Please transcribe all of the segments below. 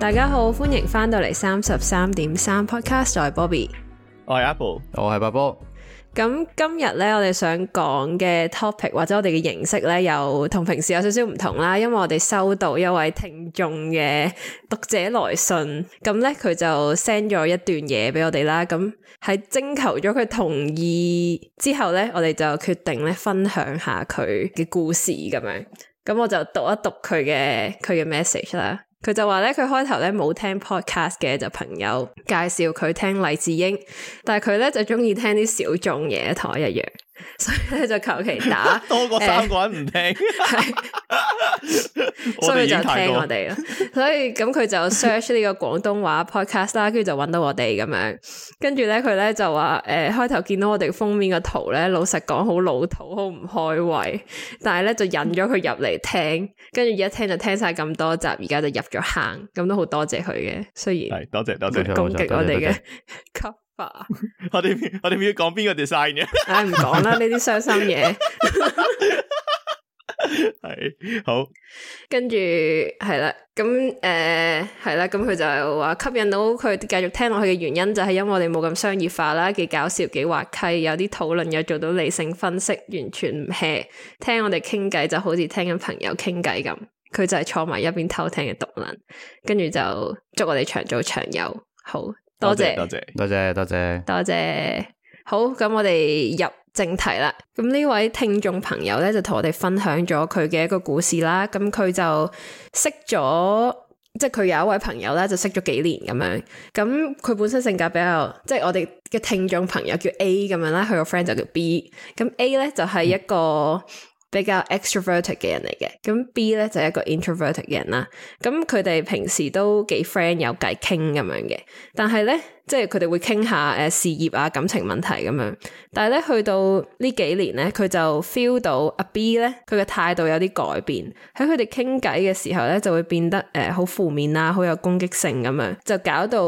大家好，歡迎翻到嚟三十三點三 podcast。我係 Bobby，我係 Apple，我係波波。咁今日咧，我哋想講嘅 topic 或者我哋嘅形式咧，又同平時有少少唔同啦。因為我哋收到一位聽眾嘅讀者來信，咁咧佢就 send 咗一段嘢俾我哋啦。咁喺徵求咗佢同意之後咧，我哋就決定咧分享下佢嘅故事咁樣。咁我就讀一讀佢嘅佢嘅 message 啦。佢就話咧，佢開頭咧冇聽 podcast 嘅，就朋友介紹佢聽黎智英，但係佢咧就中意聽啲小眾嘢，同我一樣。所以咧就求其打，多過三個人唔、欸、聽， 所以就聽我哋咯。所以咁佢就 search 呢個廣東話 podcast 啦，跟 住就揾到我哋咁樣。跟住咧佢咧就話，誒，開頭見到我哋封面個圖咧，老實講好老土，好唔開胃。但係咧就引咗佢入嚟聽，跟住一聽就聽晒咁多集，而家就入咗坑，咁都好多謝佢嘅，雖然係多謝多謝，攻擊我哋嘅。 我哋我哋要講邊個 design 嘅？唉、 哎，唔講啦，呢啲傷心嘢。係 好，跟住係啦，咁誒係啦，咁佢、呃、就係話吸引到佢繼續聽落去嘅原因，就係因為我哋冇咁商業化啦，幾搞笑，幾滑稽，有啲討論又做到理性分析，完全唔 hea，聽我哋傾偈就好似聽緊朋友傾偈咁。佢就係坐埋一邊偷聽嘅獨狼，跟住就祝我哋長做長有。好。多謝多謝多謝多謝多謝，好，咁我哋入正題啦。咁呢位聽眾朋友咧，就同我哋分享咗佢嘅一個故事啦。咁佢就識咗，即係佢有一位朋友咧，就識咗幾年咁樣。咁佢本身性格比較，即係我哋嘅聽眾朋友叫 A 咁樣啦，佢個 friend 就叫 B。咁 A 咧就係一個。嗯比較 extroverted 嘅人嚟嘅，咁 B 咧就係、一個 introverted 嘅人啦。咁佢哋平時都幾 friend 有偈傾咁樣嘅，但係咧即係佢哋會傾下誒、呃、事業啊感情問題咁樣。但係咧去到呢幾年咧，佢就 feel 到阿 B 咧佢嘅態度有啲改變，喺佢哋傾偈嘅時候咧就會變得誒好負面啦、啊，好有攻擊性咁樣，就搞到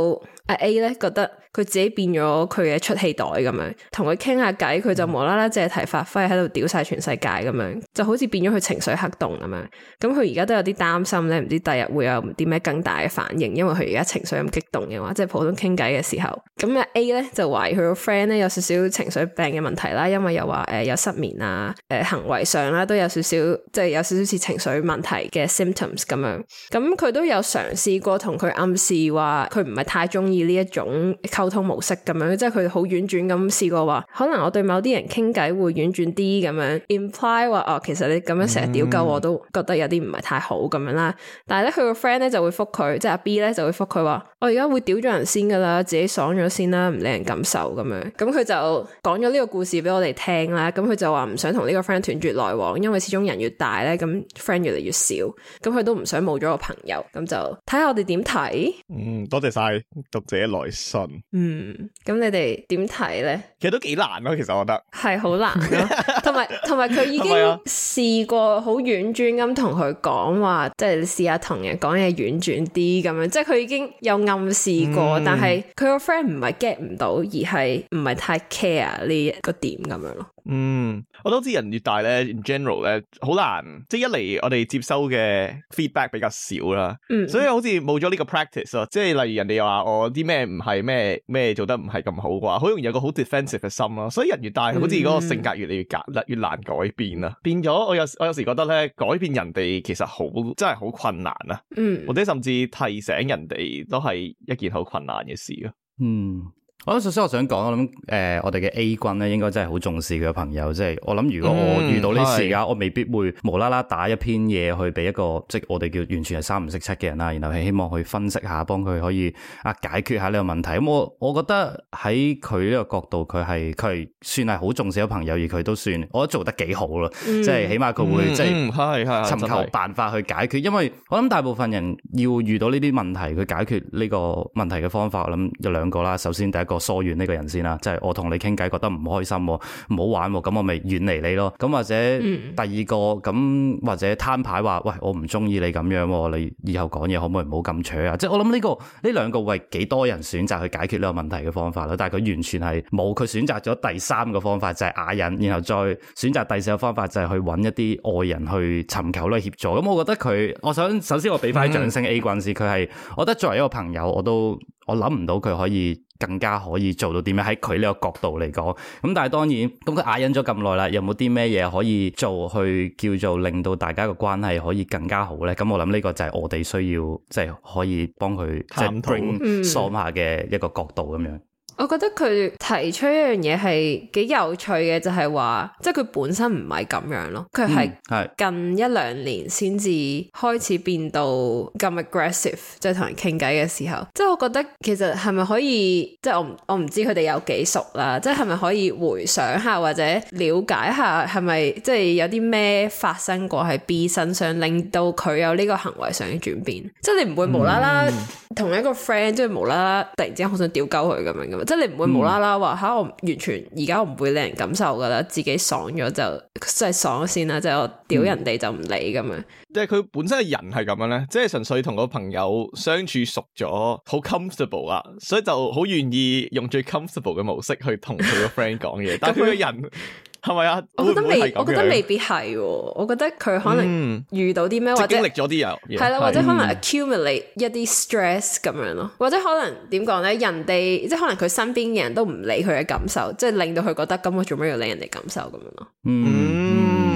阿 A 咧覺得。佢自己變咗佢嘅出氣袋咁樣，同佢傾下偈，佢就無啦啦借題發揮喺度屌晒全世界咁樣，就好似變咗佢情緒黑洞咁樣。咁佢而家都有啲擔心咧，唔知第日會有啲咩更大嘅反應，因為佢而家情緒咁激動嘅話，即係普通傾偈嘅時候，咁嘅 A 咧就懷疑佢個 friend 咧有少少情緒病嘅問題啦，因為又話誒、呃、有失眠啊，誒、呃、行為上啦都有少少，即係有少少似情緒問題嘅 symptoms 咁樣。咁佢都有嘗試過同佢暗示話佢唔係太中意呢一種溝通模式咁樣，即係佢好婉轉咁試過話，可能我對某啲人傾偈會婉轉啲咁樣，imply 話哦，其實你咁樣成日屌鳩我都覺得有啲唔係太好咁樣啦。但係咧，佢個 friend 咧就會覆佢，即係阿 B 咧就會覆佢話，我而家會屌咗人先噶啦，自己爽咗先啦，唔理人感受咁樣。咁、嗯、佢就講咗呢個故事俾我哋聽啦。咁、嗯、佢就話唔想同呢個 friend 斷絕來往，因為始終人越大咧，咁 friend 越嚟越少，咁、嗯、佢都唔想冇咗個朋友，咁就睇下我哋點睇。嗯，多謝晒讀者來信。嗯，咁你哋點睇咧？其實都幾難咯，其實我覺得係好 難同埋同埋佢已經試、 啊、過好婉轉咁同佢講話，即係試下同人講嘢婉轉啲咁樣，即係佢已經有暗示過，嗯、但係佢個 friend 唔係 get 唔到，而係唔係太 care 呢一個點咁樣咯。嗯，我都知人越大咧，in general 咧，好難，即係一嚟我哋接收嘅 feedback 比較少啦，嗯，所以好似冇咗呢個 practice 咯，即係例如人哋又話我啲咩唔係咩咩做得唔係咁好啩，好容易有個好 defence。嘅心咯，所以人越大，好似嗰個性格越嚟越格啦，越難改變啦。變咗我有時，我有時覺得咧，改變人哋其實好真係好困難啊。嗯，或者甚至提醒人哋都係一件好困難嘅事啊。嗯。我諗首先我想講，我諗誒、呃、我哋嘅 A 君咧，應該真係好重視佢嘅朋友。即、就、係、是、我諗，如果我遇到呢事啊，嗯、我未必會無啦啦打一篇嘢去俾一個，即係我哋叫完全係三唔識七嘅人啦。然後係希望去分析下，幫佢可以啊解決下呢個問題。咁、嗯、我我覺得喺佢呢個角度，佢係佢算係好重視咗朋友，而佢都算我覺得做得幾好咯，即係、嗯、起碼佢會即係係尋求辦法去解決。因為我諗大部分人要遇到呢啲問題，佢解決呢個問題嘅方法，我諗有兩個啦。首先第一，個疏遠呢個人先啦，即係我同你傾偈覺得唔開心，唔好玩，咁我咪遠離你咯。咁或者、嗯、第二個咁或者攤牌話，喂，我唔中意你咁樣，你以後講嘢可唔可以唔好咁扯啊？即係我諗呢個呢兩個會係幾多人選擇去解決呢個問題嘅方法啦，但係佢完全係冇，佢選擇咗第三個方法就係啞忍，然後再選擇第四個方法就係去揾一啲外人去尋求呢協助。咁我覺得佢，我想首先我俾翻掌聲 A 君先，佢係、嗯，我覺得作為一個朋友，我都。我諗唔到佢可以更加可以做到點樣，喺佢呢個角度嚟講，咁但係當然，咁佢啞忍咗咁耐啦，有冇啲咩嘢可以做去叫做令到大家嘅關係可以更加好呢？咁我諗呢個就係我哋需要即係、就是、可以幫佢探討、想下嘅一個角度咁樣。我覺得佢提出一樣嘢係幾有趣嘅，就係、是、話，即係佢本身唔係咁樣咯，佢係近一兩年先至開始變到咁 aggressive，即係同人傾偈嘅時候，即係我覺得其實係咪可以，即係我我唔知佢哋有幾熟啦，即係係咪可以回想下或者了解一下係咪，即係有啲咩發生過喺 B 身上，令到佢有呢個行為上嘅轉變，即係你唔會無啦啦、嗯、同一個 friend 即係無啦啦突然之間好想屌鳩佢咁樣噶即係你唔會無啦啦話吓我完全而家我唔會令人感受噶啦，自己爽咗就即係爽先啦，即係我屌人哋就唔理咁樣。即係佢本身嘅人係咁樣咧，即係純粹同個朋友相處熟咗，好 comfortable 啊，所以就好願意用最 comfortable 嘅模式去同佢個 friend 講嘢， 但係佢個人。 係咪啊？是是我覺得未，我覺得未必係。我覺得佢可能遇到啲咩，嗯、或者經歷咗啲嘢，係啦了，是或者可能 accumulate 一啲 stress 咁、嗯、樣咯，或者可能點講咧？人哋即係可能佢身邊嘅人都唔理佢嘅感受，即係令到佢覺得咁，我做咩要理人哋感受咁樣咯？嗯，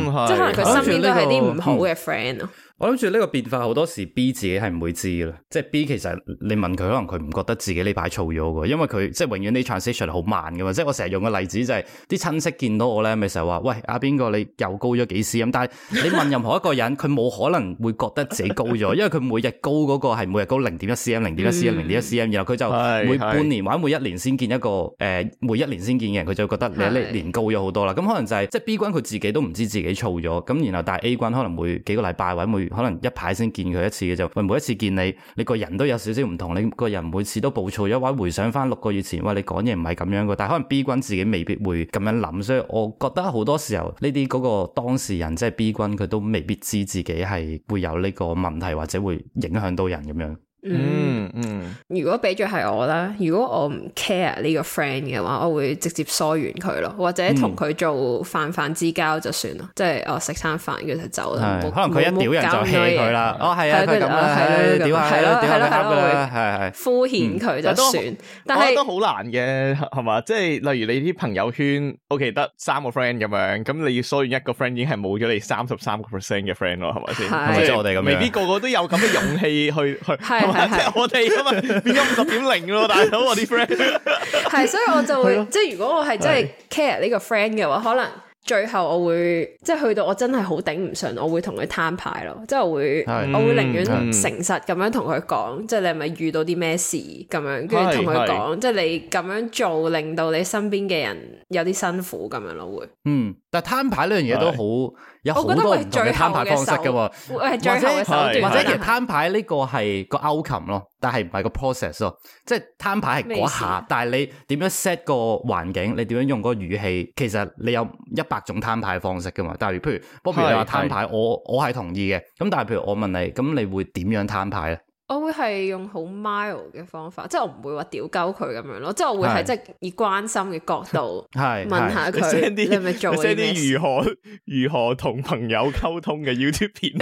嗯是即係可能佢身邊都係啲唔好嘅 friend 咯、嗯。嗯我諗住呢個變化好多時 B 自己係唔會知嘅啦，即係 B 其實你問佢可能佢唔覺得自己呢排燥咗嘅，因為佢即係永遠啲 transition 好慢嘅嘛。即係我成日用嘅例子就係啲親戚見到我咧咪成日話喂，阿邊個你又高咗幾 cm，但係你問任何一個人，佢冇 可能會覺得自己高咗，因為佢每日高嗰個係每日高零點一 cm、零點一 cm、零點一 cm，然後佢就每半年或者每一年先見一個誒、呃、每一年先見嘅人，佢就覺得你一年高咗好多啦。咁 可能就係即係 B 軍佢自己都唔知自己燥咗，咁然後但係 A 軍可能每幾個禮拜或者每可能一排先見佢一次嘅就，喂，每一次見你，你個人都有少少唔同，你個人每次都暴躁咗，或者回想翻六個月前，喂、哎，你講嘢唔係咁樣嘅，但係可能 B 君自己未必會咁樣諗，所以我覺得好多時候呢啲嗰個當事人即係 B 君，佢都未必知自己係會有呢個問題或者會影響到人咁樣。嗯嗯，如果俾著係我啦，如果我唔 care 呢個 friend 嘅話，我會直接疏遠佢咯，或者同佢做泛泛之交就算咯，即係哦食餐飯佢就走啦。可能佢一屌人就棄佢啦。哦係啊，佢咁啊屌係咯，屌佢啱佢啦，係係敷衍佢就算。但係都好難嘅係嘛，即係例如你啲朋友圈，OK 得三個 friend 咁樣，咁你要疏遠一個 friend，已經係冇咗你三十三個 percent 嘅 friend 咯，係咪先？係咪即係我哋咁樣未必個個都有咁嘅勇氣去去。係， 即係我哋今日變咗五十點零咯，大佬我啲 friend？係，所以我就會，了即係如果我係真係 care 呢個 friend 嘅話，可能最後我會，即係去到我真係好頂唔順，我會同佢攤牌咯。即係我會，是我會寧願誠實咁樣同佢講，是即係你係咪遇到啲咩事咁樣，跟住同佢講，即係你咁樣做令到你身邊嘅人有啲辛苦咁樣咯，會嗯。是但攤牌呢樣嘢都好，是有好多唔同嘅攤牌方式嘅喎。或者或者，或者其實攤牌呢個係個 outcome 咯，但係唔係個 process 咯。即係攤牌係嗰下，但係你點樣 set 個環境，你點樣用嗰個語氣，其實你有一百種攤牌方式嘅嘛。但係譬如不如，如你話攤牌我，是我我係同意嘅。咁但係譬如我問你，咁你會點樣攤牌咧？我會係用好 mild 嘅方法，即係我唔會話屌鳩佢咁樣咯，即係我會係即係以關心嘅角度問下佢，你係咪做？send 啲如何如何同朋友溝通嘅 YouTube 片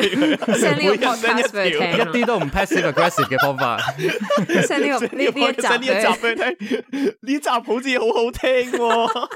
，send 呢 個 part 俾佢聽，一啲都唔 passive aggressive 嘅方法，send 呢個呢呢一集俾你聽，呢集好似好好聽。哦，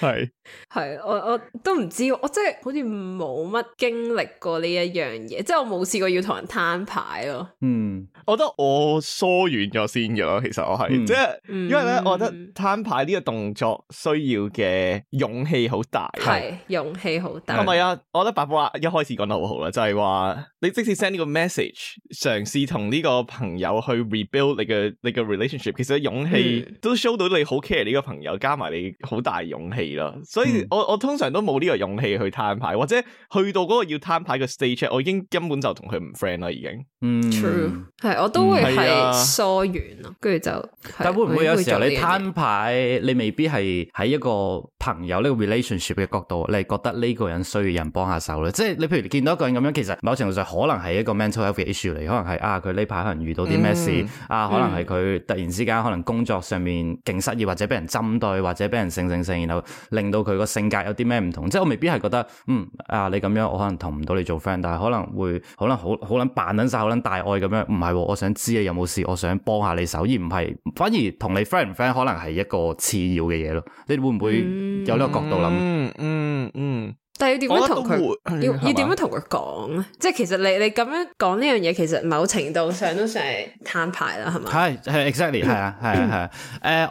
係。 係我我都唔知，我即係好似冇乜經歷過呢一樣嘢，即係我冇試過要同人攤牌咯。嗯，我覺得我疏遠咗先咗。其實我係、嗯、即係，因為咧，嗯、我覺得攤牌呢個動作需要嘅勇氣好大，係是勇氣好大。唔係是啊，我覺得白富啊一開始講得好好啦，就係、是、話你即使 send 呢個 message，嘗試同呢個朋友去 rebuild 你嘅你嘅 relationship，其實勇氣都 show 到你好 care 呢個朋友，加埋你好大勇氣咯，所以我，我我通常都冇呢個勇氣去攤牌，或者去到個要攤牌嘅 stage，我已經根本就同佢唔 friend 啦，已經、嗯。嗯，true，係，我都會係疏遠咯，跟住、啊、就。但會唔會有時候你攤牌，你未必係喺一個朋友呢、呢個 relationship 嘅角度，你係覺得呢個人需要人幫下手咧？即係你譬如見到一個人咁樣，其實某程度上可能係一個 mental health issue 嚟，可能係啊佢呢排可能遇到啲咩事、嗯、啊，可能係佢突然之間可能工作上面勁失意或者俾人針對或者俾人性性性，然後令到。佢個性格有啲咩唔同，即係我未必係覺得，嗯啊，你咁樣我可能同唔到你做 friend，但係可能會可能好好捻扮捻晒好捻大愛咁樣，唔係，哦，我想知你有冇事，我想幫下你手，而唔係反而同你 friend 唔 friend 可能係一個次要嘅嘢咯，你會唔會有呢個角度諗？嗯？嗯嗯嗯。但係要點樣同佢要是要點樣同佢講？吧即係其實你你咁樣講呢樣嘢，其實某程度上都算係攤牌啦，係咪？係係、 right, exactly 係啊係啊係啊，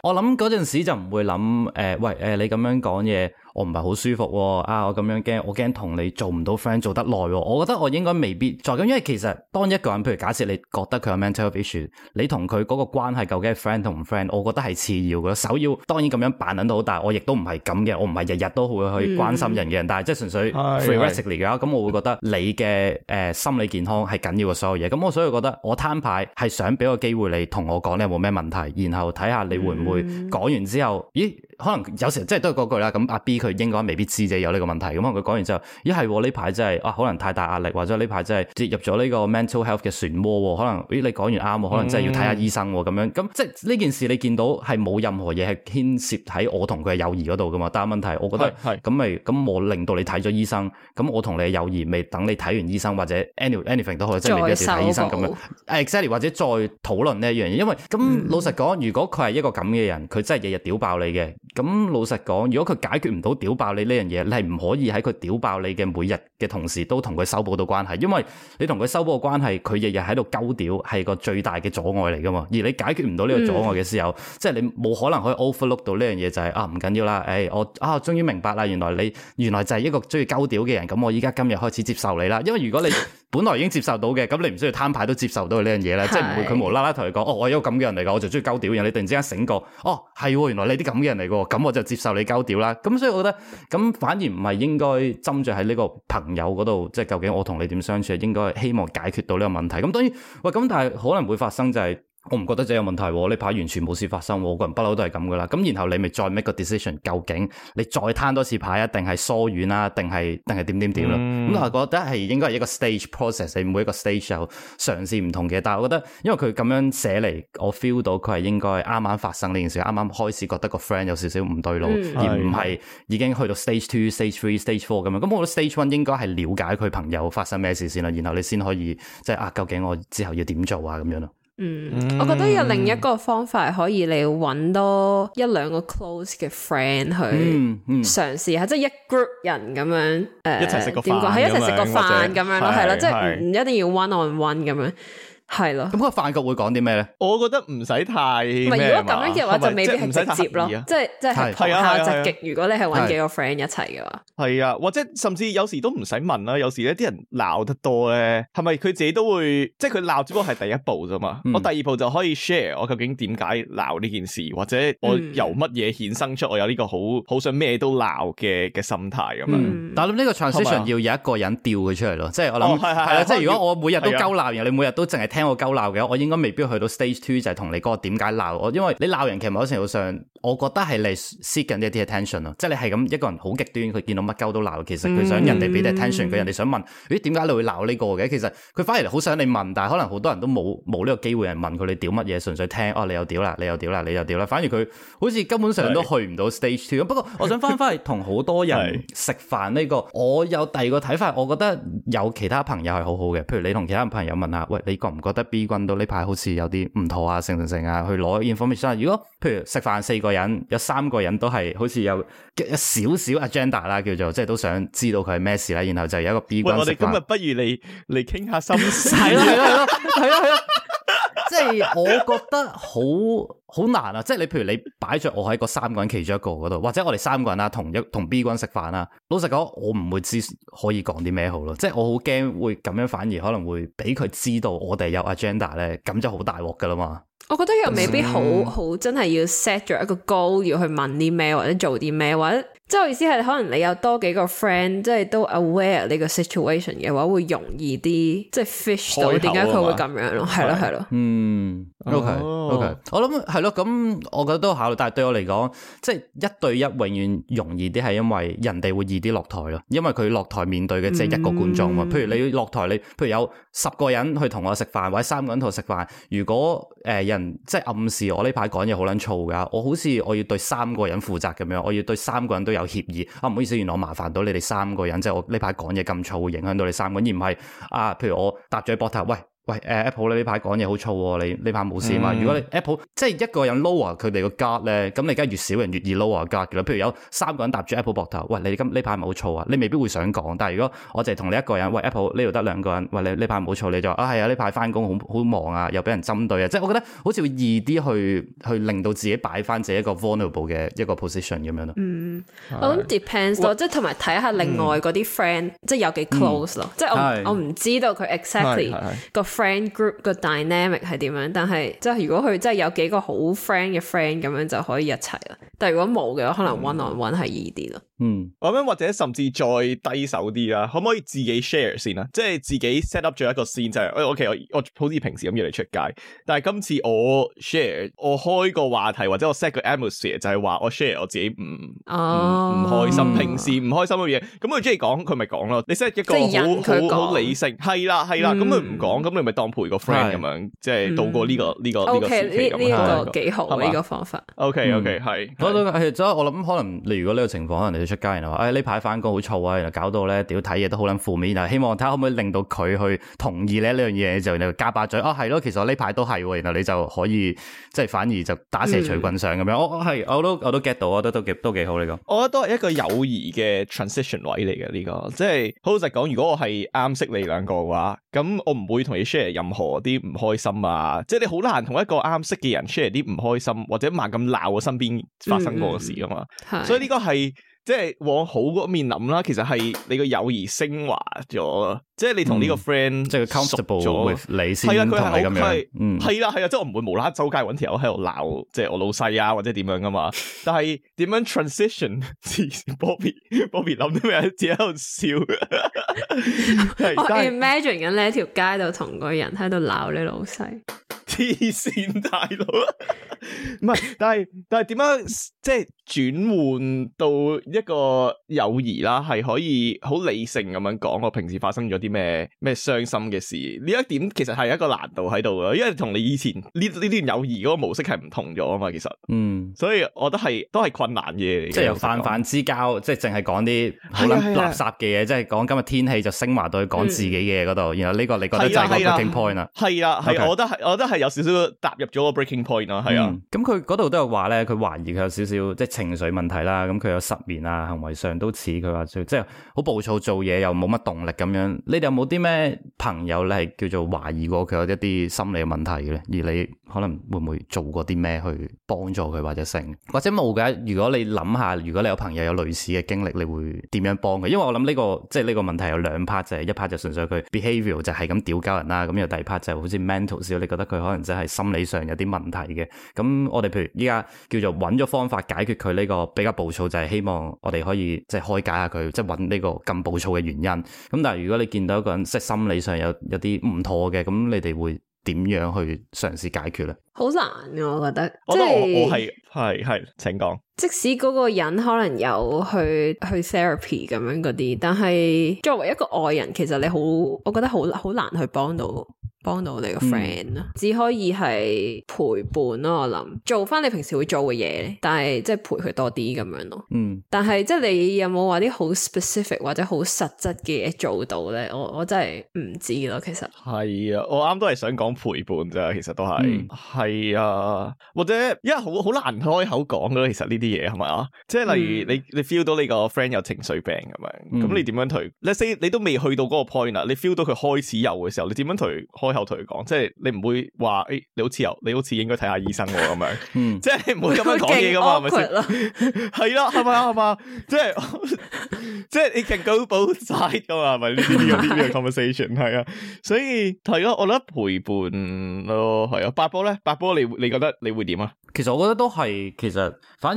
誒， uh, 我諗嗰陣時就唔會諗誒、呃、喂誒、呃，你咁樣講嘢。我唔係好舒服，哦，啊，我咁樣驚，我驚同你做唔到 friend 做得耐，哦，我覺得我應該未必再咁。因為其實當一個人，譬如假設你覺得佢有 mental issues，你同佢嗰個關係究竟係 friend 同唔 friend，我覺得係次要嘅，首要當然咁樣扮捻到，但係我亦都唔係咁嘅，我唔係日日都會去關心人嘅人，嗯，但係即係純粹 freelyly 嘅話，咁的我會覺得你嘅誒、呃、心理健康係緊要過所有嘢。咁我所以覺得我攤牌係想俾個機會你同我講你有冇咩問題，然後睇下你會唔會講完之後，嗯，咦？可能有時真係都係嗰句啦。咁阿 B 佢應該未必知啫，有呢個問題。咁可能佢講完之後，一係呢排真係啊，可能太大壓力，或者呢排真係跌入咗呢個 mental health 嘅漩渦。可能咦你講完啱喎，可能真係要睇下醫生喎。咁、嗯、樣咁即係呢件事，你見到係冇任何嘢係牽涉喺我同佢嘅友誼嗰度噶嘛？但係問題，我覺得係咁咪咁我令到你睇咗醫生，咁我同你嘅友誼未等你睇完醫生或者 any anything 都好，即係你俾佢睇醫生咁樣、啊、exactly，或者再討論呢一樣嘢。因為咁老實講，如果佢係一個咁嘅人，佢真係日日屌爆你嘅。咁老實講，如果佢解決唔到屌爆你呢樣嘢，你係唔可以喺佢屌爆你嘅每日嘅同時，都同佢修補到關係。因為你同佢修補嘅關係，佢日日喺度鳩屌，係個最大嘅阻礙嚟噶嘛。而你解決唔到呢個阻礙嘅時候，嗯、即係你冇可能可以 overlook 到呢樣嘢，就係啊唔緊要啦，誒、哎、我啊終於明白啦，原來你原來就係一個中意鳩屌嘅人。咁、嗯、我依家今日開始接受你啦。因為如果你 本來已經接受到嘅，咁你唔需要攤牌都接受到呢樣嘢喇，是即係唔會佢無啦啦同你講，哦，我係一個咁嘅人嚟噶，我就中意鳩屌人。你突然之間醒過，哦，係喎，原來你啲咁嘅人嚟喎，咁我就接受你鳩屌啦。咁所以我覺得咁反而唔係應該針著喺呢個朋友嗰度，即係究竟我同你點相處，應該希望解決到呢個問題。咁當然，喂，咁但係可能會發生就係、是。我唔覺得這有問題，啊，呢排完全冇事發生，啊，我個人不嬲都係咁噶啦。咁然後你咪再 make 個 decision，究竟你再攤多次牌，一定係疏遠啦，啊，定係定係點點點啦。咁、嗯、我係覺得係應該係一個 stage process，你每一個 stage 就嘗試唔同嘅。但係我覺得因為佢咁樣寫嚟，我 feel 到佢係應該啱啱發生呢件事，啱啱開始覺得個 friend 有少少唔對路，嗯、而唔係已經去到 stage two、stage three、stage four 咁樣。咁我覺得 stage one 應該係了解佢朋友發生咩事先啦，然後你先可以即係、就是、啊，究竟我之後要點做啊咁樣咯。嗯，我覺得有另一個方法，可以你搵多一兩個 close 嘅 friend 去嘗試下，嗯嗯、即係一 group 人咁樣，誒、呃何，一齊食個飯點講，係一齊食個飯咁樣咯，係咯，即係唔一定要 one on one 咁樣。係咯，咁個飯局會講啲咩咧？我覺得唔使太，唔係如果咁樣嘅話就未必唔直接咯，即係即係下下就極。如果你係揾幾個 friend 一齊嘅話，係啊，或者甚至有時都唔使問啦。有時咧啲人鬧得多咧，係咪佢自己都會即係佢鬧，只不過係第一步啫嘛。我第二步就可以 share 我究竟點解鬧呢件事，或者我由乜嘢衍生出我有呢個好好想咩都鬧嘅嘅心態咁。但係呢個 transition 要有一個人調佢出嚟咯，即係我諗係係啦。即係如果我每日都鳩鬧，然後你每日都淨係聽。我鳩鬧嘅，我應該未必去到 stage two，就係同你嗰個點解鬧我？因為你鬧人，其實某程度上，我覺得係你 seek 緊一啲 attention 咯，即係你係咁一個人好極端，佢見到乜鳩都鬧，其實佢想人哋俾啲 attention 佢、嗯，人哋想問，咦點解你會鬧呢、這個嘅？其實佢反而好想你問，但係可能好多人都冇冇呢個機會，人問佢你屌乜嘢？純粹聽哦、啊，你又屌啦，你又屌啦，你又屌啦。反而佢好似根本上都去唔到 stage two 的。不過我想翻翻去同好的多人食飯呢、這個，我有第二個睇法，我覺得有其他朋友係好好嘅，譬如你同其他朋友問下，喂你覺覺得 B 君到呢排好似有啲唔妥啊，成成成啊，去攞 information。如果譬如食飯四個人，有三個人都係好似有，有一少少 agenda 啦，叫做即係都想知道佢係咩事啦，然後就有一個 B 君，喂，我哋今日不如嚟嚟傾下心事。係咯係咯係咯係咯。 即係 我覺得好好難啊！即係你譬如你擺着我喺個三個人其中一個嗰度，或者我哋三個人啊同一同 B 君食飯啊。老實講，我唔會知可以講啲咩好咯。即係我好驚會咁樣，反而可能會俾佢知道我哋有 agenda 咧，咁就好大鑊噶啦嘛。我覺得又未必好好真係要 set 咗一個 goal，要去問啲咩或者做啲咩或者。即係意思係，可能你有多幾個 friend，即係都 aware 呢個 situation 嘅話，會容易啲，即係 fish 到點解佢會咁樣咯？係咯，係咯。吧嗯。O K，O K，我諗係咯，咁我覺得都考慮，但係對我嚟講，即係一對一永遠容易啲，係因為人哋會易啲落台咯，因為佢落台面對嘅即係一個觀眾嘛。嗯、譬如你落台，你譬如有十個人去同我食飯，或者三個人同我食飯，如果誒、呃、人即係暗示我呢排講嘢好撚燥噶，我好似我要對三個人負責咁樣，我要對三個人都有歉意啊。唔好意思，原來我麻煩到你哋三個人，即係我呢排講嘢咁燥，會影響到你三個人，而唔係啊。譬如我搭住膊頭，喂。喂，誒、欸、Apple 你呢排講嘢好燥，你呢排冇事嘛？嗯、如果你 Apple 即係一個人 lower 佢哋個格咧，咁你而家越少人越易 lower 格嘅啦。譬如有三個人搭住 Apple 膊頭，喂，你今呢排咪好燥啊？你未必會想講，但係如果我淨係同你一個人，嗯、喂，Apple 呢度得兩個人，喂，你呢排唔好燥，你就話啊係啊，呢排翻工好好忙啊，又俾人針對啊，即係我覺得好似會易啲去去令到自己擺翻自己一個 vulnerable 嘅一個 position 咁樣咯、嗯。是我諗 depends 咯，哇即係同埋睇下另外嗰啲 friend 即係有幾 close 咯、嗯，即係我是是我唔知道佢 exactly 個。Friend group 個 dynamic 係點樣？但係即係如果佢即係有幾個好 friend 嘅 friend 咁樣就可以一齊啦。但係如果冇嘅，可能 one on one 係易啲咯。嗯，咁或者甚至再低手啲啦，可唔可以自己 share 先啦？即係自己 set up 咗一個先，就係，誒，OK，我我好似平時咁約你出街，但係今次我 share，我開個話題或者我 set 個 atmosphere 就係話我 share 我自己唔唔唔開心，平時唔開心嘅嘢，咁佢中意講佢咪講咯。你 set 一個好好理性，係啦係啦，咁佢唔講，咁你咪當陪個 friend 咁樣，即係到過呢個呢個呢個。其實呢呢個幾好呢個方法。OK OK 係，我都係，即係我諗可能你如果呢個情況，可能出街人話，哎呢排翻工好燥啊！然後搞到咧，屌睇嘢，都好捻負面。啊。希望睇下可唔可以令到佢去同意咧呢樣嘢，就又加把嘴。哦，係咯，其實呢排都係喎。然後你就可以即係反而就打蛇隨棍上咁樣。我我係我都我都 get 到，我覺得都都幾好呢、這個。我覺得都係一個友誼嘅 transition 位嚟嘅呢個，即係好老實講。如果我係啱識你兩個嘅話，咁我唔會同你 share 任何啲唔開心啊。即係你好難同一個啱識嘅人 share 啲唔開心，或者猛咁鬧我身邊發生過嘅事啊嘛。嗯、所以呢個係。即係往好嗰面諗啦，其實係你個友誼升華咗。即係你同呢個 friend 即係佢溝熟咗你先，係啊佢係咁樣，係啦係啊，即係我唔會無啦啦周街揾條友喺度鬧，即係我老細啊或者點樣噶嘛。但係點樣 transition？Bobby Bobby 諗到咩？Bobby, Bobby 到自己喺度笑？ 我 imagine 緊你喺條街度同個人喺度鬧你老細。黐線大佬，唔係，但係但係點樣即係、就是、轉換到一個友誼啦？係可以好理性咁樣講，我平時發生咗啲。咩咩傷心嘅事？呢一點其實係一個難度喺度咯，因為同你以前呢呢段友誼嗰個模式係唔同咗啊嘛，其實，嗯，所以我覺得都係都係困難嘢嚟，即係由泛泛之交，即係淨係講啲好垃圾嘅嘢，啊啊、即係講今日天，天氣就升華到去講自己嘅嗰度，啊、然後呢個你覺得就係個 breaking point 啊？係啊，係 breaking point,、啊，我、啊 Okay 嗯、都係，我都係有少少踏入咗個 breaking point 啊，係啊，咁佢嗰度都有話咧，佢懷疑佢有少少即係情緒問題啦，咁佢有失眠啊，行為上都似佢話即係好暴躁做，做嘢又冇乜動力咁樣。你哋有冇啲咩朋友，你係叫做懷疑過佢有一啲心理問題嘅咧？而你可能會唔會做過啲咩去幫助佢或者成，或者冇嘅？如果你諗下，如果你有朋友有類似嘅經歷，你會點樣幫佢？因為我諗呢個即係呢個問題有兩 part，就係一 part 就純粹佢 behavior 就係咁屌鳩人啦，咁又第二 part 就好似 mental 少，你覺得佢可能真係心理上有啲問題嘅。咁我哋譬如依家叫做揾咗方法解決佢呢個比較暴躁，就係希望我哋可以即係開解下佢，即係揾呢個咁暴躁嘅原因。咁但係如果你見，見到一個人即係心理上有有啲唔妥嘅，咁你哋會點樣去嘗試解決咧？好難嘅、啊，我覺得，覺得即係是我係係係，請講。即使嗰個人可能有去去 therapy 咁樣嗰啲，但係作為一個外人，其實你好，我覺得好好難去幫到幫到你個 friend 啦、嗯，只可以係陪伴咯、啊。我諗做翻你平時會做嘅嘢，但係即係陪佢多啲咁樣咯。嗯，但係即係你有冇話啲好 specific 或者好實質嘅嘢做到咧？我我真係唔知咯，其實係啊，我啱都係想講陪伴咋，其實都係係。嗯係啊，或者因為好好難開口講㗎，其實呢啲嘢係咪啊？即係例如你你 feel 到你個 friend 有情緒病咁樣，咁你點樣同佢你都未去到嗰個 point 啊，你 feel 到佢開始有嘅時候，你點樣同佢開口同佢講？即係你唔會話誒、欸，你好似有，你好似應該睇下醫生喎咁樣。嗯，即係你唔會咁樣講嘢噶嘛，係咪先？係 啦， 係嘛係嘛，即係 即係你成句補晒噶嘛，係咪呢啲呢啲 conversation？係啊，所以係咯，我覺得陪伴咯，係啊，八波咧。阿波，你你覺得你會點啊？其實我覺得都係，其實反而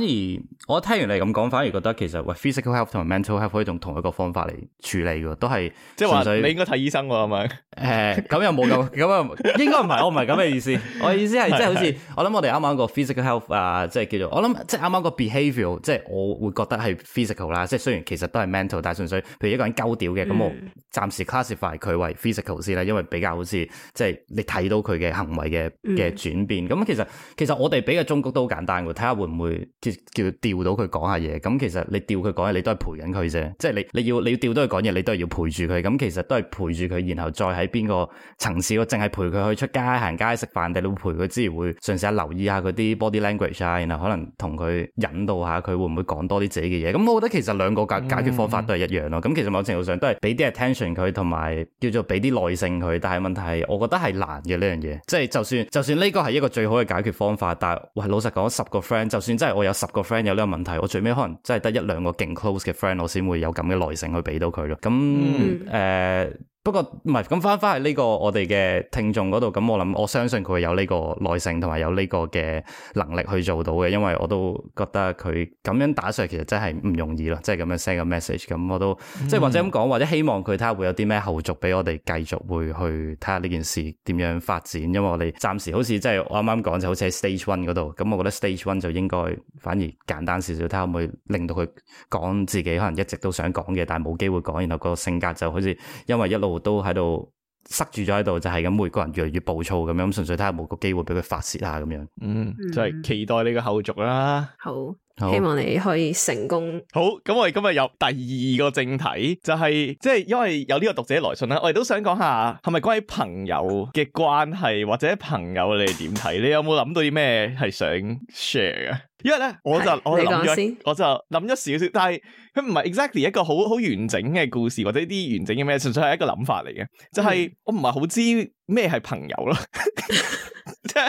我一聽完你咁講，反而覺得其實喂 physical health 同埋 mental health 可以用同一個方法嚟處理嘅，都係即係純粹你應該睇醫生喎，係咪、呃？誒， 咁又冇咁，咁又應該唔係， 我唔係咁嘅意思。 我意思係即係好似 我諗我哋啱啱個 physical health 啊，即係叫做我諗即係啱啱個 behavior，即係我會覺得係 physical 啦，即係雖然其實都係 mental，但係純粹譬如一個人鳩屌嘅，咁、嗯、我暫時 classify 佢為 physical 先啦，因為比較好似即係你睇到佢嘅行為嘅嘅轉變。咁、嗯、其實其實我哋比較。中谷都好簡單嘅，睇下會唔會叫叫調到佢講下嘢。咁其實你調佢講嘢，你都係陪緊佢啫。即係你你要你要調到佢講嘢，你都係要陪住佢。咁其實都係陪住佢，然後再喺邊個層次？我淨係陪佢去出街行街食飯，定你會陪佢之餘會嘗試下留意下佢啲 body language 啊。然後可能同佢引導下佢會唔會講多啲自己嘅嘢。咁我覺得其實兩個解解決方法都係一樣咯。咁、嗯、其實某程度上都係俾啲 attention 佢，同埋叫做俾啲耐性佢。但係問題係，我覺得係難嘅呢樣嘢。即係就算就算呢個係一個最好嘅解決方法，但係我係老實講，十個 friend，就算真係我有十個 friend 有呢個問題，我最尾可能真係得一兩個勁 close 嘅 friend，我先會有咁嘅耐性去畀到佢咯。咁誒。嗯 uh, 不過唔係咁翻翻喺呢個我哋嘅聽眾嗰度，咁我諗我相信佢會有呢個耐性同埋有呢個嘅能力去做到嘅，因為我都覺得佢咁樣打上去其實真係唔容易咯，就是，即係咁樣 send 個 message，咁我都即係或者咁講，或者希望佢睇下會有啲咩後續俾我哋繼續會去睇下呢件事點樣發展，因為我哋暫時好似即係我啱啱講就好似喺 stage one 嗰度，咁我覺得 stage one 就應該反而簡單少少，睇下可唔可以令到佢講自己可能一直都想講嘅，但係冇機會講，然後個性格就好似因為一路。都喺度塞住咗喺度，就係咁每個人越嚟越暴躁咁樣，咁純粹睇下有冇個機會俾佢發洩下咁樣。嗯，就係期待你個後續啦。好，希望你可以成功。好，咁我哋今日有第二個正題，就係即係因為有呢個讀者來信啦，我哋都想講下係咪關於朋友嘅關係，或者朋友你點睇？你有冇諗到啲咩係想 share 啊？因為咧，是我就我諗咗先，我就諗咗少少，但係佢唔係 exactly 一個好好完整嘅故事，或者啲完整嘅咩，純粹係一個諗法嚟嘅。就係我唔係好知咩係朋友咯，即係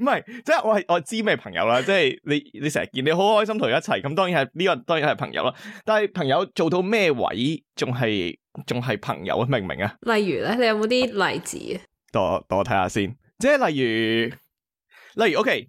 唔係？即係我係我知咩朋友啦？即係你你成日見你好開心同佢一齊，咁當然係呢個當然係朋友啦。但係朋友做到咩位，仲係仲係朋友啊？明唔明啊？例如咧，你有冇啲例子？多多睇下先，即係例如，例如，OK。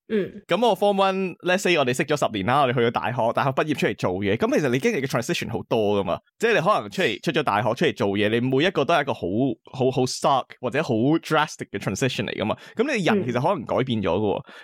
嗯，咁我 Form One，Let's say 我哋識咗十年啦，我哋去咗大學，大學畢業出嚟做嘢，咁其實你經歷嘅 transition 好多噶嘛，即係你可能出嚟出咗大學出嚟做嘢，你每一個都係一個好好好 shock 或者好 drastic 嘅 transition 嚟噶嘛，咁你人其實可能改變咗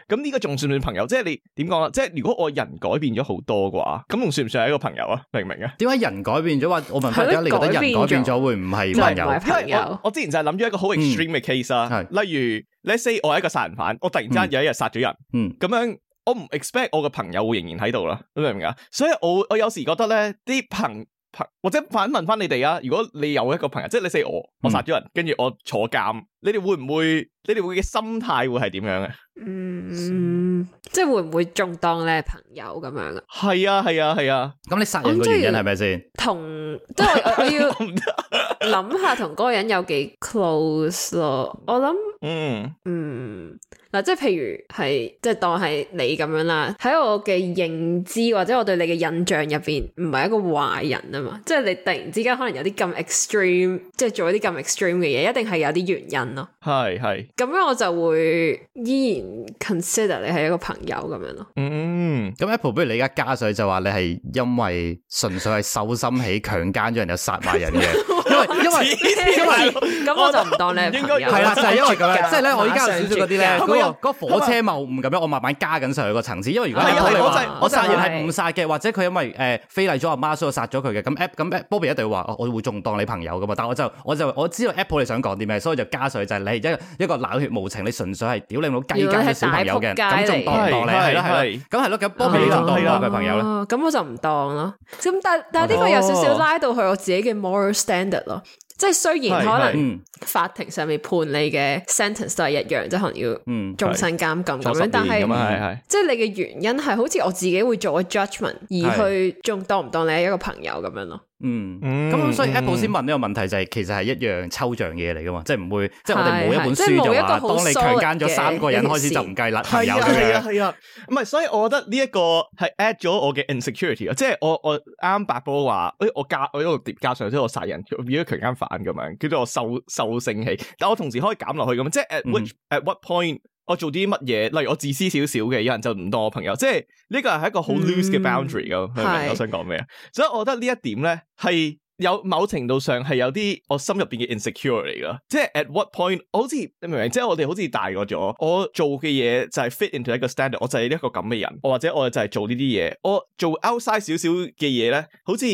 噶，咁呢個仲算唔算朋友？即係你點講啦？即係如果我人改變咗好多啩，咁仲算唔算係一個朋友啊？明唔明啊？點解人改變咗話我問返你覺得人改變咗會唔係朋友？因為我，我之前就係諗咗一個好 extreme 嘅 case 啦、啊，係、嗯、例如 Let's say 我係一個殺人犯，我突然之間有一日殺咗人。嗯嗯，咁樣我唔 expect 我嘅朋友會仍然喺度啦，明唔明啊？所以我我有時覺得咧，啲朋朋或者反問翻你哋啊，如果你有一個朋友，即係你死我，我殺咗人，跟住、嗯、我坐監，你哋會唔會？你哋會嘅心態會係點樣嘅？嗯，即係會唔會仲當你係朋友咁樣啊？係啊，係啊，係啊，咁你殺咗個人係咪先？同即係我,我要諗 下同嗰個人有幾 close 咯？我諗，嗯嗯。嗯嗱，即係譬如係，即係當係你咁樣啦。喺我嘅認知或者我對你嘅印象入邊，唔係一個壞人啊嘛。即係你突然之間可能有啲咁 extreme，即係做一啲咁 extreme 嘅嘢，一定係有啲原因咯。係係，咁樣我就會依然 consider 你係一個朋友咁樣咯。嗯，咁 Apple，不如你而家加上就話你係因為純粹係受心起強姦咗人就殺埋人嘅，因為因為因為咁我就唔當你係朋友啦，就係因為咁樣，即係咧我依家少少啲咧。個火車謬誤咁樣，我慢慢加緊上去個層次，因為如果 le,、啊、我真係誤殺嘅，或者佢因為誒、呃、非禮咗阿媽，所以我殺咗佢嘅。咁咁，Bobbi 一定要話我我會仲當你朋友噶嘛？但係我就我就我知道 Apple 你想講啲咩，所以就加上去就係你一個一個冷血無情，你純粹係屌你老雞奸嘅小朋友嘅，人咁仲當當你係啦係啦，咁係咯，咁是 Bobbi 你仲當佢係朋友咧？咁、uh, uh, 我就唔當咯，咁但但係呢個有少少拉到去我自己嘅 moral standard 咯。即係雖然可能法庭上面判你嘅 sentence 都係一樣，嗯、即係可能要終身監禁咁樣，嗯、但係是即係你嘅原因係好似我自己會做個 judgment 而去仲當唔當你係一個朋友咁樣咯。嗯，咁、 嗯、所以 Apple 先問呢個問題就係其實係一樣抽象嘢嚟噶嘛，即係唔會，是 即係我哋每一本書就話是，當你強姦咗三個人些開始就唔計啦，係啊係啊係啊，唔係這樣、啊啊啊，所以我覺得呢一個係 add 咗我嘅 insecurity 啊，即係我我啱白波話，誒、欸、我加我呢個疊加上即係、就是、我殺人，如果強姦犯咁樣，叫做我受受性氣，但我同時可以減落去咁樣，即係 at which、嗯、at what point。我做啲乜嘢？例如我自私少少嘅，有人就唔當我朋友。即係呢個係一個好 loose 嘅 boundary 咁。明唔明？是是是我想講咩？所以我覺得呢一點咧，係有某程度上係有啲我心入邊嘅 insecurity 咯。即係 at what point？我好似，你明唔明？即係我哋好似大個咗，我做嘅嘢就係 fit into 一個 standard，我就係一個咁嘅人，或者我就係做呢啲嘢。我做 outside 少少嘅嘢咧，好似。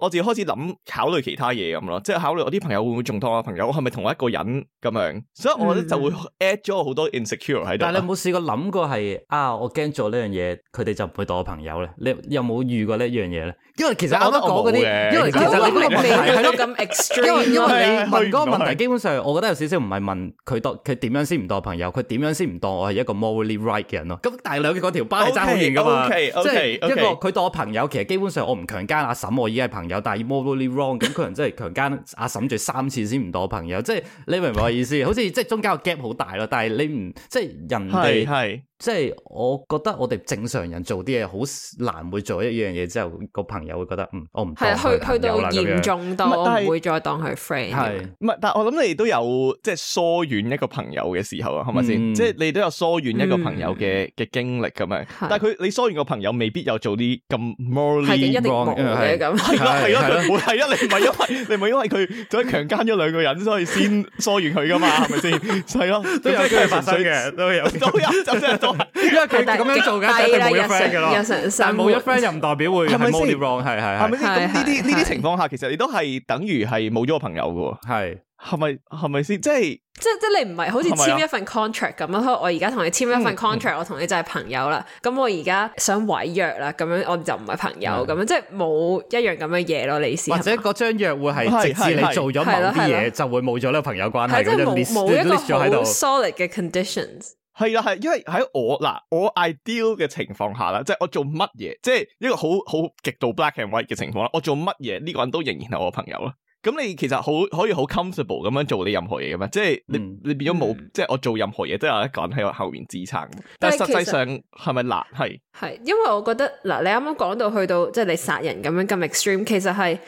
我自己開始諗，考慮其他嘢咁咯，即係考慮我啲朋友會唔會仲當我朋友？我係咪同一個人咁樣？所以我覺得就會 add 咗好多 insecure 喺度，嗯。但係你有冇試過諗過係啊？我驚做呢樣嘢，佢哋就唔會當我朋友咧。你有冇遇過呢一樣嘢咧？因為其實剛剛我都講嗰啲，因為其實你問嗰個問題，基本上我覺得有少少唔係問佢當佢點樣先唔當我朋友，佢點樣先唔當我係一個 morally right 嘅人咯。咁大量嘅嗰條包係爭好遠㗎嘛？Okay, okay, okay, 即係一個佢 okay, okay. 當我朋友，其實基本上我唔強姦阿嬸，我已經係朋友。有但係 morally wrong 咁佢人真係強姦阿嬸住三次先唔當我朋友，即係你明唔明我意思？好似即係中間個 gap 好大咯，但係你唔即係人哋係。即係我覺得我哋正常人做啲嘢，好難會做一樣嘢，之後個朋友會覺得嗯，我唔係去去到嚴重到唔會再當佢 friend 係唔係？但我諗你都有即係疏遠一個朋友嘅時候啊，係咪先？即係你都有疏遠一個朋友嘅嘅經歷咁樣。但係佢你疏遠個朋友未必有做啲咁 morally wrong 嘅，咁係咯係咯係咯係啊，你唔係因為你唔係因為佢就係強姦咗兩個人所以先疏遠佢噶嘛係咪先？係咯都有啲嘢發生嘅都有都有因為佢哋咁樣做緊，一定冇一 friend 嘅咯。但係冇一 friend 又唔代表會係。係係係咪先？呢啲呢啲情況下，其實你都係等於係冇咗個朋友嘅。係係咪係咪先？即係即係即係你唔係好似簽一份 contract 咁樣。我而家同你簽一份 contract，我同你就係朋友啦。咁我而家想毀約啦，咁樣我哋就唔係朋友咁樣，即係冇一樣咁嘅嘢咯。你先或者嗰張約會係直至你做咗某啲嘢，就會冇咗呢個朋友關係。咁你冇一個好 solid 嘅 conditions。係啦，係因為喺我嗱，我 ideal 嘅情況下啦，即係我做乜嘢，即係一個好好極度 black and white 嘅情況啦。我做乜嘢呢個人都仍然係我朋友啦。咁你其實好可以好 comfortable 咁樣做你任何嘢噶嘛？即係你、嗯、你變咗冇，嗯、即係我做任何嘢都有一個人喺我後面支撐。但係實際上係咪難？係係因為我覺得嗱，你啱啱講到去到即係、就是、你殺人咁樣咁 extreme，其實係。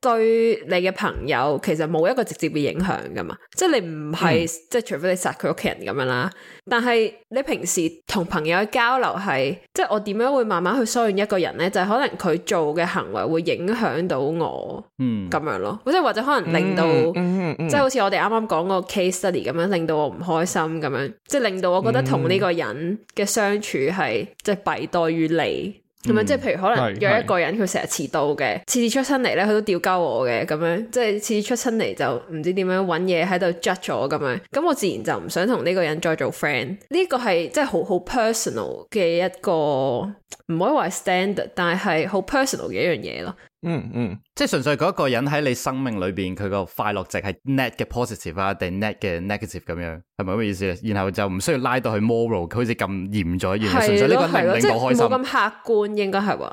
對你嘅朋友其實冇一個直接嘅影響㗎嘛，即係你唔係、嗯、即係除非你殺佢屋企人咁樣啦。但係你平時同朋友嘅交流係，即係我點樣會慢慢去疏遠一個人呢？就係、是、可能佢做嘅行為會影響到我，嗯，咁樣咯，即係或者可能令到，嗯嗯嗯、即係好似我哋啱啱講個 case study 咁樣，令到我唔開心咁樣，即係令到我覺得同呢個人嘅相處係即係弊多於利。咁啊，即係譬如可能有一個人佢成日遲到嘅，次次出親嚟咧佢都掉鳩我嘅，咁樣，即係次次出親嚟就唔知點樣揾嘢喺度 judge 咗咁樣，咁我自然就唔想同呢個人再做 friend，呢個係即係好好 personal 嘅一個唔可以話 standard，但係好 personal 嘅一樣嘢咯。嗯嗯，即係純粹嗰一個人喺你生命裏邊，佢個快樂值係 net 嘅 positive 啊，定 net 嘅 negative 咁樣，係咪咁意思？然後就唔需要拉到去 moral，佢好似咁嚴咗，而純粹呢個令到開心。係咯，即係冇咁客觀，應該係喎。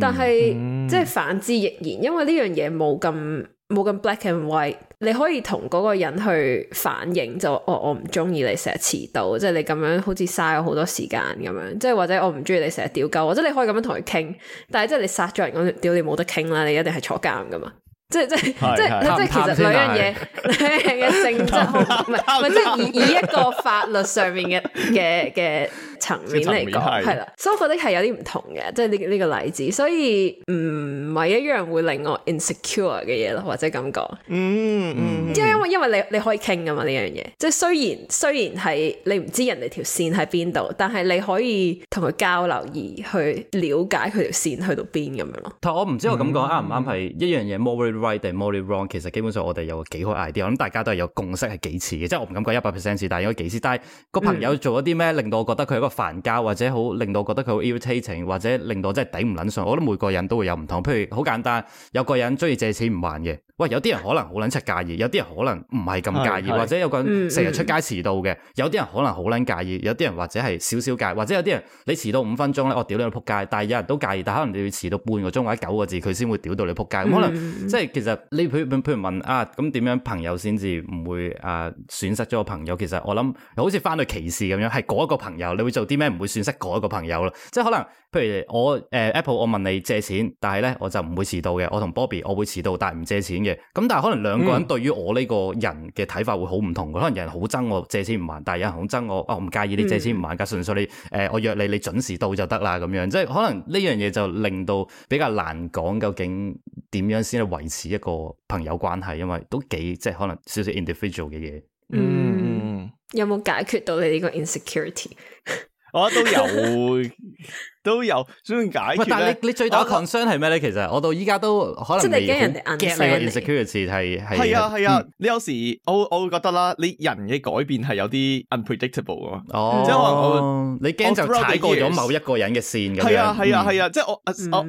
但係即係反之亦然，因為呢樣嘢冇咁。冇咁 black and white，你可以同嗰個人去反映就，哦，我唔中意你成日遲到，即係你咁樣好似嘥咗好多時間咁樣，即係或者我唔中意你成日屌鳩，或者你可以咁樣同佢傾，但係即係你殺咗人咁，屌你冇得傾啦，你一定係坐監㗎嘛。即係即係即係即係，其實兩樣嘢嘅性質好唔係唔係，即係以以一個法律上面嘅嘅嘅層面嚟講係啦，所以我覺得係有啲唔同嘅，即係呢呢個例子，所以唔係一樣會令我 insecure 嘅嘢咯。或者咁講，嗯嗯，因為因為因為你你可以傾噶嘛呢樣嘢，即係雖然雖然係你唔知人哋條線喺邊度，但係你可以同佢交流而去了解佢條線去到邊咁樣咯。但係我唔知我咁講啱唔啱，係一樣嘢。Right a 定 morally wrong，其實基本上我哋有幾個 idea，我諗大家都係有共識係幾次嘅，即係我唔敢講一百 percent 次，應該幾次，但係有幾次。但係個朋友做咗啲咩令到我覺得佢係一個煩膠，或者好令到我覺得佢好 irritating 或者令到我真係頂唔撚順。我覺得每個人都會有唔同，譬如好簡單，有個人中意借錢唔還嘅。喂，有啲人可能好撚出介意，有啲人可能唔係咁介意， 或者有個人成日出街遲到嘅，有啲人可能好撚介意，有啲人或者係少少介，或者有啲人你遲到五分鐘咧，我屌你去扑街，但係有人都介意，但係可能你要遲到半個鐘或者九個字佢先會屌到你扑街，可能即係其實你譬譬如問啊，咁點樣朋友先至唔會啊損失咗個朋友？其實我諗好似翻到歧視咁樣，係嗰一個朋友你會做啲咩唔會損失嗰一個朋友啦，即係可能。譬如我誒 Apple，我問你借錢，但係咧我就唔會遲到嘅。我同 Bobby，我會遲到，但係唔借錢嘅。咁但係可能兩個人對於我呢個人嘅睇法會好唔同嘅。可能有人好憎我借錢唔還，但係有人好憎我啊，我、哦、唔介意你借錢唔還噶，純粹你誒、呃，我約你你準時到就得啦咁樣。即係可能呢樣嘢就令到比較難講，究竟點樣先去維持一個朋友關係，因為都幾即係可能少少 individual 嘅嘢。嗯，有冇解決到你呢個 insecurity？ 我都有。 都有想解決。但係你最大嘅 concern 係咩咧？其實我到依家都可能即係驚人哋 inject security 係。係啊係啊！你有時我我會覺得啦，你人嘅改變係有啲 unpredictable 嘛。哦，即可能你驚就踩過咗某一個人嘅線咁樣。係啊係啊係啊！即係我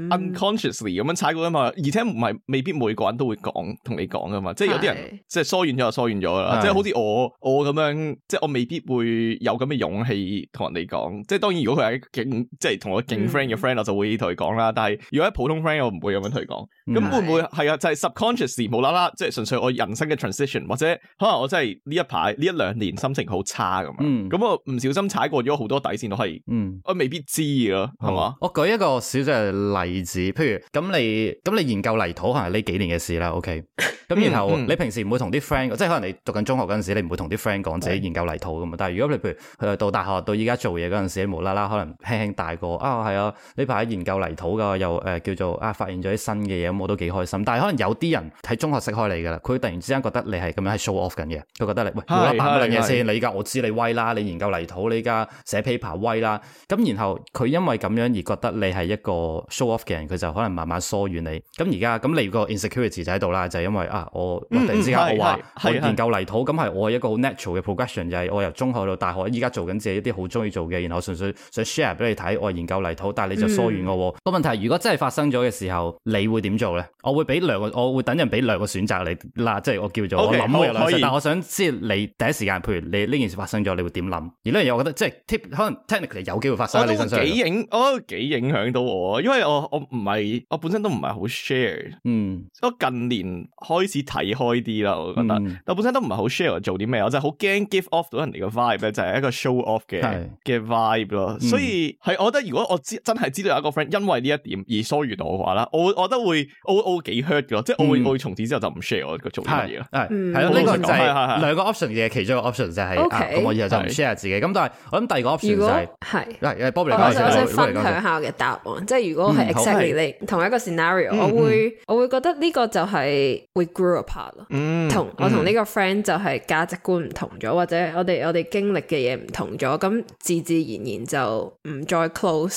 unconsciously 咁樣踩過啊嘛。而且唔係未必每個人都會講同你講噶嘛。即係有啲人即係疏遠咗就疏遠咗啦。即係好似我我咁樣，即係我未必會有咁嘅勇氣同人哋講。即係當然，如果佢係警，即係同我。勁 friend 嘅 friend 我就會同佢講啦，但係如果係普通 friend 我唔會咁樣同佢講。咁會唔會係啊是？就係、是、subconsciously, 無啦啦，即係純粹我人生嘅 transition，或者可能我真係呢一排呢一兩年心情好差咁啊。咁、嗯、我唔小心踩過咗好多底線都係，我，嗯、我未必知咯，係嘛、嗯？吧我舉一個少少嘅例子，譬如咁你咁你研究泥土可能係呢幾年嘅事啦？OK，咁然後你平時唔會同啲 friend，即係可能你讀緊中學嗰陣時，你唔會同啲 friend 講自己研究泥土咁啊。的但係如果你譬如去到大學到依家做嘢嗰陣時你無啦啦可能輕輕帶過啊～係、哦、啊，呢排研究泥土噶又誒、呃、叫做啊，發現咗啲新嘅嘢，咁我都幾開心。但係可能有啲人喺中學識開你噶啦，佢突然之間覺得你係咁樣係 show off 緊嘅，佢覺得你喂冇得擺乜嘢先？你而家我知你威啦，你研究泥土，你而家寫 paper 威啦。咁然後佢因為咁樣而覺得你係一個 show off 嘅人，佢就可能慢慢疏遠你。咁而家咁你個 insecurity 就喺度啦，就係、是、因為啊，我、嗯嗯、突然之間我話我研究泥土，咁係我係一個好 natural 嘅 progression，就係我由中學到大學，依家做緊自己一啲好中意做嘅，然後純粹想 share 俾你睇，我研究。泥土，但係你就疏遠我。個、嗯、問題如果真係發生咗嘅時候，你會點做咧？我會俾兩個，我會等人俾兩個選擇你嗱，即係我叫做 okay, 我諗但我想知你第一時間，譬如你呢件事發生咗，你會點諗？而呢樣嘢，我覺得、就係、即係 tip，可能 technically 有機會發生喺你身上。幾影哦，幾影響到我，因為我我唔係我本身都唔係好 share。嗯，我近年開始睇開啲啦，我覺得，嗯、但係本身都唔係好 share 做啲咩，我就好驚 give off 到人哋嘅 vibe 咧，就係一個 show off 嘅嘅 vibe 咯。所以係，我覺得如果我知真係知道有一個 friend 因為呢一點而疏遠到我話啦，我我覺得會我我幾 hurt 嘅，即係我會我會從此之後就唔 share 我做啲乜嘢啦，係係啦呢個就係兩個 option 嘅其中一個 option 就係，咁我以後就唔 share 自己。咁但係我諗第二個 option 就係，係，係，波比嚟講分享下嘅答案，即係如果係 exactly 你同一個 scenario，我會我會覺得呢個就係 we grew apart 咯，同我同呢個 friend 就係價值觀唔同咗，或者我哋我哋經歷嘅嘢唔同咗，咁自自然然就唔再 close。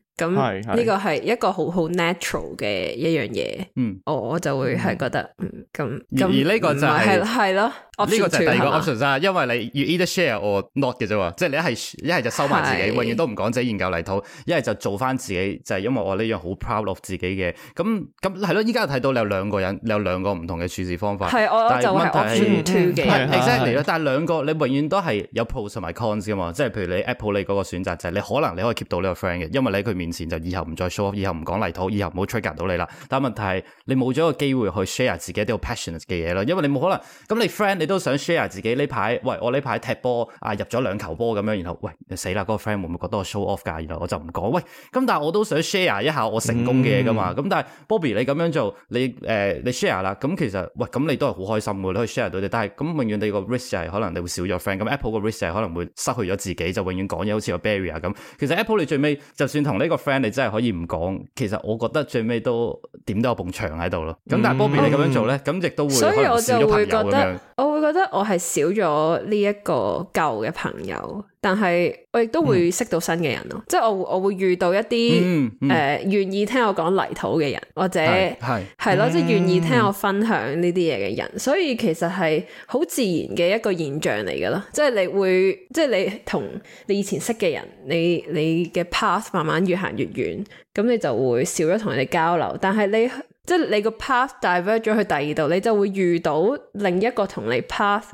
咁呢個係一個好好 natural 嘅一樣嘢，嗯，我我就會係覺得，嗯，咁而呢個就係係咯，呢個就係第二個 option 啦，因為你要 either share or not 嘅啫嘛，即係你一係一係就收埋自己，永遠都唔講自己研究泥土，一係就做翻自己，就係因為我呢樣好 proud of 自己嘅，咁咁係咯，依家又睇到你有兩個人，你有兩個唔同嘅處事方法，係我我就係 option two 嘅，exactly，但係兩個你永遠都係有 pros 同埋 cons 噶嘛，即係譬如你 Apple 你嗰個選擇就係你可能你可以 keep 到呢個 friend 嘅，因為你喺佢面。以前就以後唔再 show off，以後唔講泥土，以後唔好 trigger 到你啦。但問題係你冇咗個機會去 share 自己一啲 passionate 嘅嘢啦，因為你冇可能咁你 friend 你都想 share 自己呢排，喂我呢排踢波啊入咗兩球波咁樣，然後喂你死啦嗰個 friend 會唔會覺得我 show off 㗎？然後我就唔講喂。咁但係我都想 share 一下我成功嘅嘢噶嘛。咁、嗯、但係 Bobby 你咁樣做你誒、呃、你 share 啦，咁其實喂咁你都係好開心嘅啦，你可以 share 到你。但係咁永遠你個 risk 係可能你會少咗 friend，咁 Apple 個 risk 係可能會失去咗自己，就永遠講嘢好似有 barrier 咁。其實 Apple 你最尾就算同呢。個 friend 你真係可以唔講，其實我覺得最尾都點都有埲牆喺度咯。咁、嗯、但係波比你咁樣做咧，咁亦、嗯、都會少咗朋友，所以我就會覺得，樣我會覺得我係少咗呢一個舊嘅朋友。但係我亦都會識到新嘅人咯，嗯、即係我我會遇到一啲誒願意聽我講泥土嘅人，或者係係咯，吧即係願意聽我分享呢啲嘢嘅人。嗯、所以其實係好自然嘅一個現象嚟㗎咯，即係你會即係你同你以前識嘅人，你你嘅 path 慢慢越行越遠，咁你就會少咗同人哋交流，但係你。即係、 就是、你個 path diverge 咗去第二度，你就會遇到另一個同你 path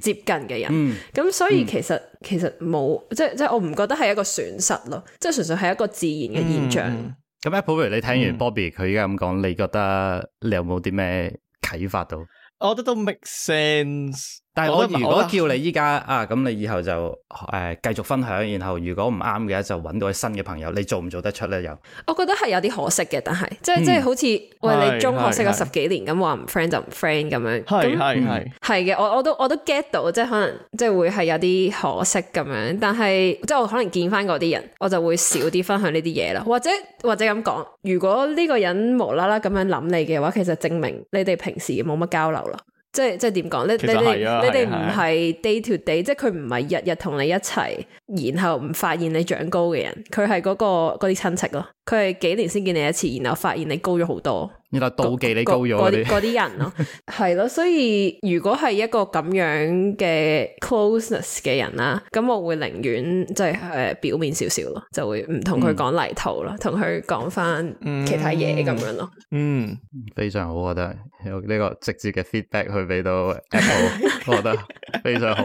接近嘅人。咁、嗯嗯嗯、所以其實其實冇，即係即係我唔覺得係一個損失咯，即係純粹係一個自然嘅現象。咁、嗯嗯嗯嗯、Apple，譬如你聽完 Bobby 佢而家咁講，你覺得你有冇啲咩啟發到？我覺得都 make sense。但係我如果叫你依家啊，咁你以後就誒繼、呃、續分享，然後如果唔啱嘅就搵到新嘅朋友，你做唔做得出咧？又，我覺得係有啲可惜嘅，但係、嗯、即係即係好似、嗯、喂你中學識咗十幾年，咁話唔 friend 就唔 friend 咁樣。係係係係嘅，我我都我都 get 到，即係可能即係會係有啲可惜咁樣。但係即係我可能見翻嗰啲人，我就會少啲分享呢啲嘢啦。或者或者咁講，如果呢個人無啦啦咁樣諗你嘅話，其實證明你哋平時冇乜交流啦。即係即係點講咧？你你你哋唔係 day to day，的即係佢唔係日日同你一齊，的然後唔發現你長高嘅人，佢係嗰個嗰啲親戚咯。佢係幾年先見你一次，然後發現你高咗好多，然後妒忌你高咗嗰啲嗰啲人咯，係咯。 所以如果係一個咁樣嘅 closeness 嘅人啦，咁我會寧願即係誒表面少少咯，就會唔同佢講泥套啦，同佢講翻其他嘢咁、嗯、樣咯。嗯，非常好，我覺得有呢個直接嘅 feedback 去。俾到 好，我覺得非常好，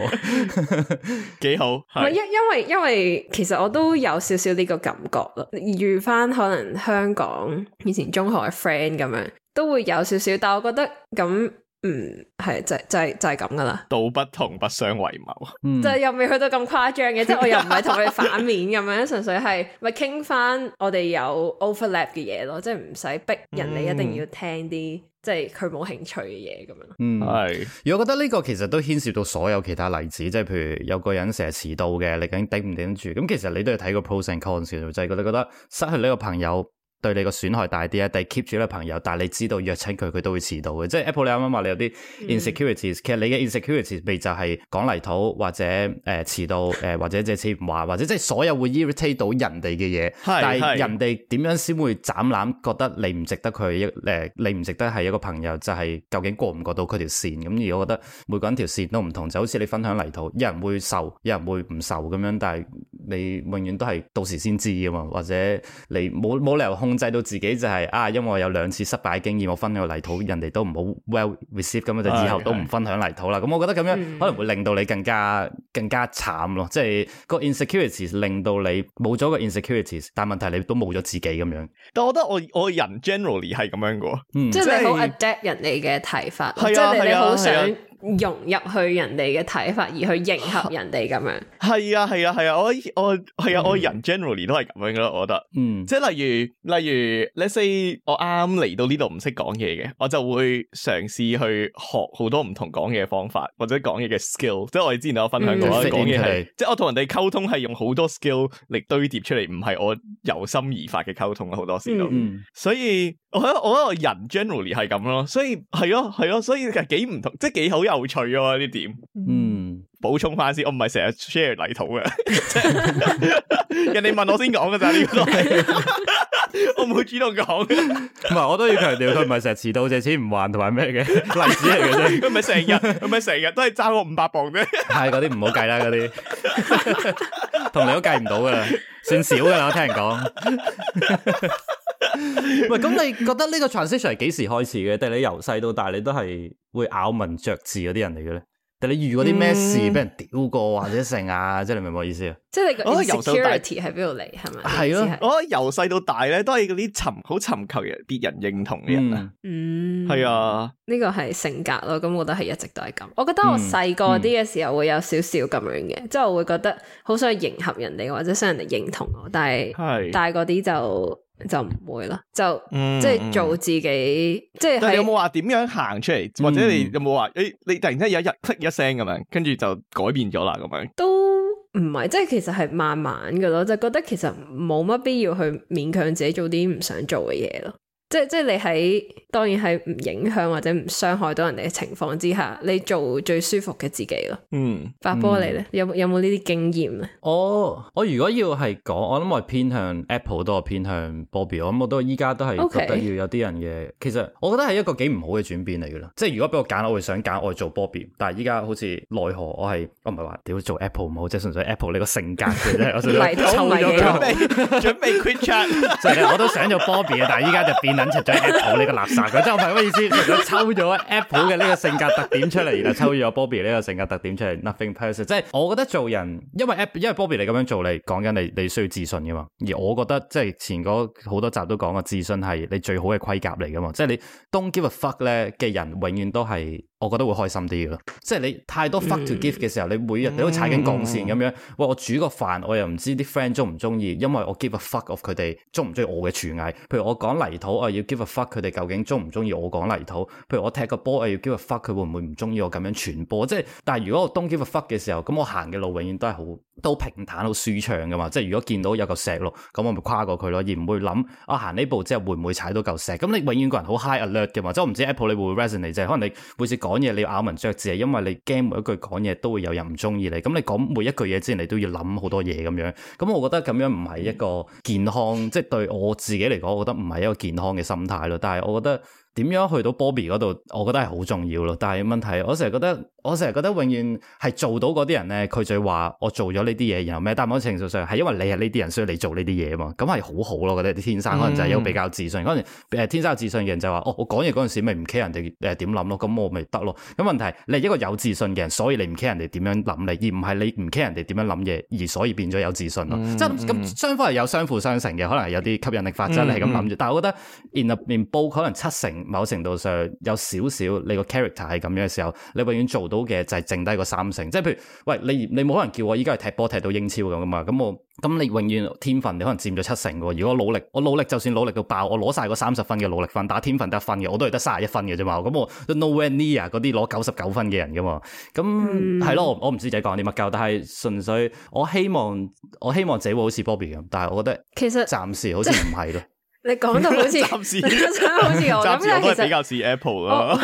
幾好。係因因為因為其實我都有少少呢個感覺咯，遇翻可能香港以前中學嘅 friend 咁樣，都會有少少。但係我覺得咁，嗯，係就就就係咁噶啦。就是、道不同不相為謀，就又未去到咁誇張嘅，即係我又唔係同佢反面咁樣，純粹係咪傾翻我哋有 overlap 嘅嘢咯，即係唔使逼人哋一定要聽啲。嗯即係佢冇興趣嘅嘢咁樣咯。嗯，係。如果覺得呢個其實都牽涉到所有其他例子，即係譬如有個人成日遲到嘅，你究竟頂唔頂得住？咁其實你都要睇個 pros and cons 嘅，就係覺得覺得失去呢個朋友，對你個損害大啲呀，定係 keep 住呢個朋友，但係你知道約親佢，佢都會遲到嘅。即係 Apple 你啱啱話你有啲 insecurity，、嗯、其實你嘅 insecurity 未就係講泥土或者誒遲、呃、到誒、呃、或者借錢唔還或者即係所有會 irritate 到人哋嘅嘢。 但係人哋點樣先會斬纜覺得你唔值得佢誒你唔值得係一個朋友？就係、是、究竟過唔過到佢條線？咁而我覺得每個人條線都唔同，就好似你分享泥土，有人會受，有人會唔受咁樣。但係你永遠都係到時先知㗎嘛，或者你冇冇理由控制到自己就係、是、啊，因為我有兩次失敗嘅經驗，我分享泥土，人哋都唔好 well received 咁樣，就、啊、以後都唔分享泥土啦。咁、啊、我覺得咁樣可能會令到你更加、嗯、更加慘咯，即係、個 insecurity 令到你冇咗個 insecurity，但係問題你都冇咗自己咁樣。但我覺得我我人 generally 係咁樣噶，即係、嗯就是、你好 adapt 人哋嘅睇法，即係你好想。融入去人哋嘅睇法，而去迎合人哋咁樣。係 啊，係啊，係啊，我我係啊，我人 generally 都係咁樣噶啦，我覺得。嗯，即係例如，例如，let's say 我啱嚟到呢度唔識講嘢嘅，我就會嘗試去學好多唔同講嘢嘅方法，或者講嘢嘅 skill。即係我哋之前都有分享過，嗯、講嘢係，嗯、即係我同人哋溝通係用好多 skill 嚟堆疊出嚟，唔係我由心而發嘅溝通啊，好多時都嗯。嗯。所以。我我覺得我人 generally 係咁咯，所以係咯係咯，所以其實幾唔同，即係幾好有趣咯呢點。嗯，補充翻先，我唔係成日 share 泥土嘅， 人哋問我先講嘅咋呢個，我唔會主動講。唔係，我都要強調，佢唔係成日遲到借錢唔還同埋咩嘅例子嚟嘅啫。佢唔係成日，佢唔係成日都係爭我五百磅啫。係嗰啲唔好計啦，嗰啲同你都計唔到噶，算少噶啦，我聽人講。 喂，咁 你覺得呢個 transition 係幾時開始嘅？定你由細到大你都係會咬文嚼字嗰啲人嚟嘅咧？定你遇過嗰啲咩事俾人屌過或者剩啊？ 即係你明唔明我意思啊？即係你個 security 喺邊度嚟？係咪、啊？係咯，哦，我由細到大咧都係嗰啲尋好尋求別人認同嘅人啊，嗯。嗯，係啊，呢個係性格咯。咁我覺得係一直都係咁。我覺得我細個啲嘅時候會有少少咁樣嘅，即係、嗯嗯、我會覺得好想迎合人哋或者想人哋認同我，但係但係嗰啲就。就唔會啦，就、嗯、即係做自己，嗯、即係係有冇話點樣行出嚟，嗯、或者你有冇話誒，你突然間有一日 click 一聲咁樣，跟住就改變咗啦咁樣，都唔係，即係其實係慢慢噶咯，就覺得其實冇乜必要去勉強自己做啲唔想做嘅嘢咯。即係即係你喺當然係唔影響或者唔傷害到人哋嘅情況之下，你做最舒服嘅自己咯。嗯，嗯發波你咧有有冇呢啲經驗啊？我我如果要係講，我諗我係偏向 Apple 多，偏向 Bobby。我諗我都依家都係覺得要有啲人嘅。Okay. 其實我覺得係一個幾唔好嘅轉變嚟噶啦。即係如果俾我揀，我會想揀我去做 Bobby。但係依家好似奈何我係我唔係話屌做 Apple 唔好，即係純粹 Apple 呢個性格嘅啫。我純粹抽咗槍， 來準備，備， 備 quit chat、 就是。我都想做 Bobby，但係依家就變。引出咗 Apple 呢個垃圾，佢即係我係乜意思？佢抽咗 Apple 嘅呢個性格特點出嚟，然後抽咗 Bobby 呢個性格特點出嚟，Nothing person。即係我覺得做人，因為 Apple，因為 Bobby 你咁樣做，你講緊你你需要自信噶嘛。而我覺得即係前嗰好多集都講過，自信係你最好嘅盔甲嚟噶嘛。即係你 Don't give a fuck 咧嘅人，永遠都係。我覺得會開心啲咯，即係你太多 fuck to give 嘅時候，你每日你都踩緊鋼線咁樣。嗯、喂，我煮個飯，我又唔知啲 friend 中唔中意，因為我 give a fuck of 佢哋中唔中意我嘅廚藝。譬如我講泥土，我要 give a fuck 佢哋究竟中唔中意我講泥土。譬如我踢個波，我要 give a fuck 佢會唔會唔中意我咁樣傳波？即係，但係如果我 don't give a fuck 嘅時候，咁我行嘅路永遠都係好都平坦好舒暢噶嘛。即係如果見到有嚿石路，咁我咪跨過佢咯，而唔會諗我行呢步之後會唔會踩到嚿石。咁你永遠個人好 high alert 嘅嘛。即係我唔知 Apple 你會唔會 resonate，即係可能你會先講嘢你要咬文嚼字係因為你驚每一句講嘢都會有人唔中意你，咁你講每一句嘢之前你都要諗好多嘢咁樣，咁我覺得咁樣唔係一個健康，即係對我自己嚟講，我覺得唔係一個健康嘅心態咯。但係我覺得。點樣去到 Bobby 嗰度？我覺得係好重要咯。但係問題，我成日覺得，我成日覺得永遠係做到嗰啲人咧，佢就話我做咗呢啲嘢，然後咩？但某程度上係因為你係呢啲人，需要你做呢啲嘢嘛。咁係好好咯，我覺得啲天生可能就係一個比較自信，可、嗯、天生有自信嘅人就話：哦，我講嘢嗰陣時咪唔 care 人哋誒點諗咯，咁我咪得咯。咁問題你係一個有自信嘅人，所以你唔 care 人哋點樣諗你，而唔係你唔 care 人哋點樣諗嘢，而所以變咗有自信咯。嗯、即係咁，雙方係有相輔相成嘅，可能係有啲吸引力法則你係咁諗住。嗯、但係我覺得 In 入面煲可能七成。某程度上有少少你個 character 係咁樣嘅時候，你永遠做到嘅就係剩低個三成。即係譬如，喂，你你冇可能叫我依家去踢波踢到英超咁嘛？咁我，咁你永遠天分你可能佔咗七成喎。如果我努力，我努力就算努力到爆，我攞晒個三十分嘅努力分，打天分得分嘅，我都係得三十一分嘅啫嘛。咁我 no way near 嗰啲攞九十九分嘅人噶嘛。咁係咯，我唔知自己講啲乜鳩，但係純粹我希望我希望自己會好似 Bobby 咁，但係我覺得其實暫時好似唔係咯。你講到好似，你講到好似我咁樣，其實比較似 Apple 咯。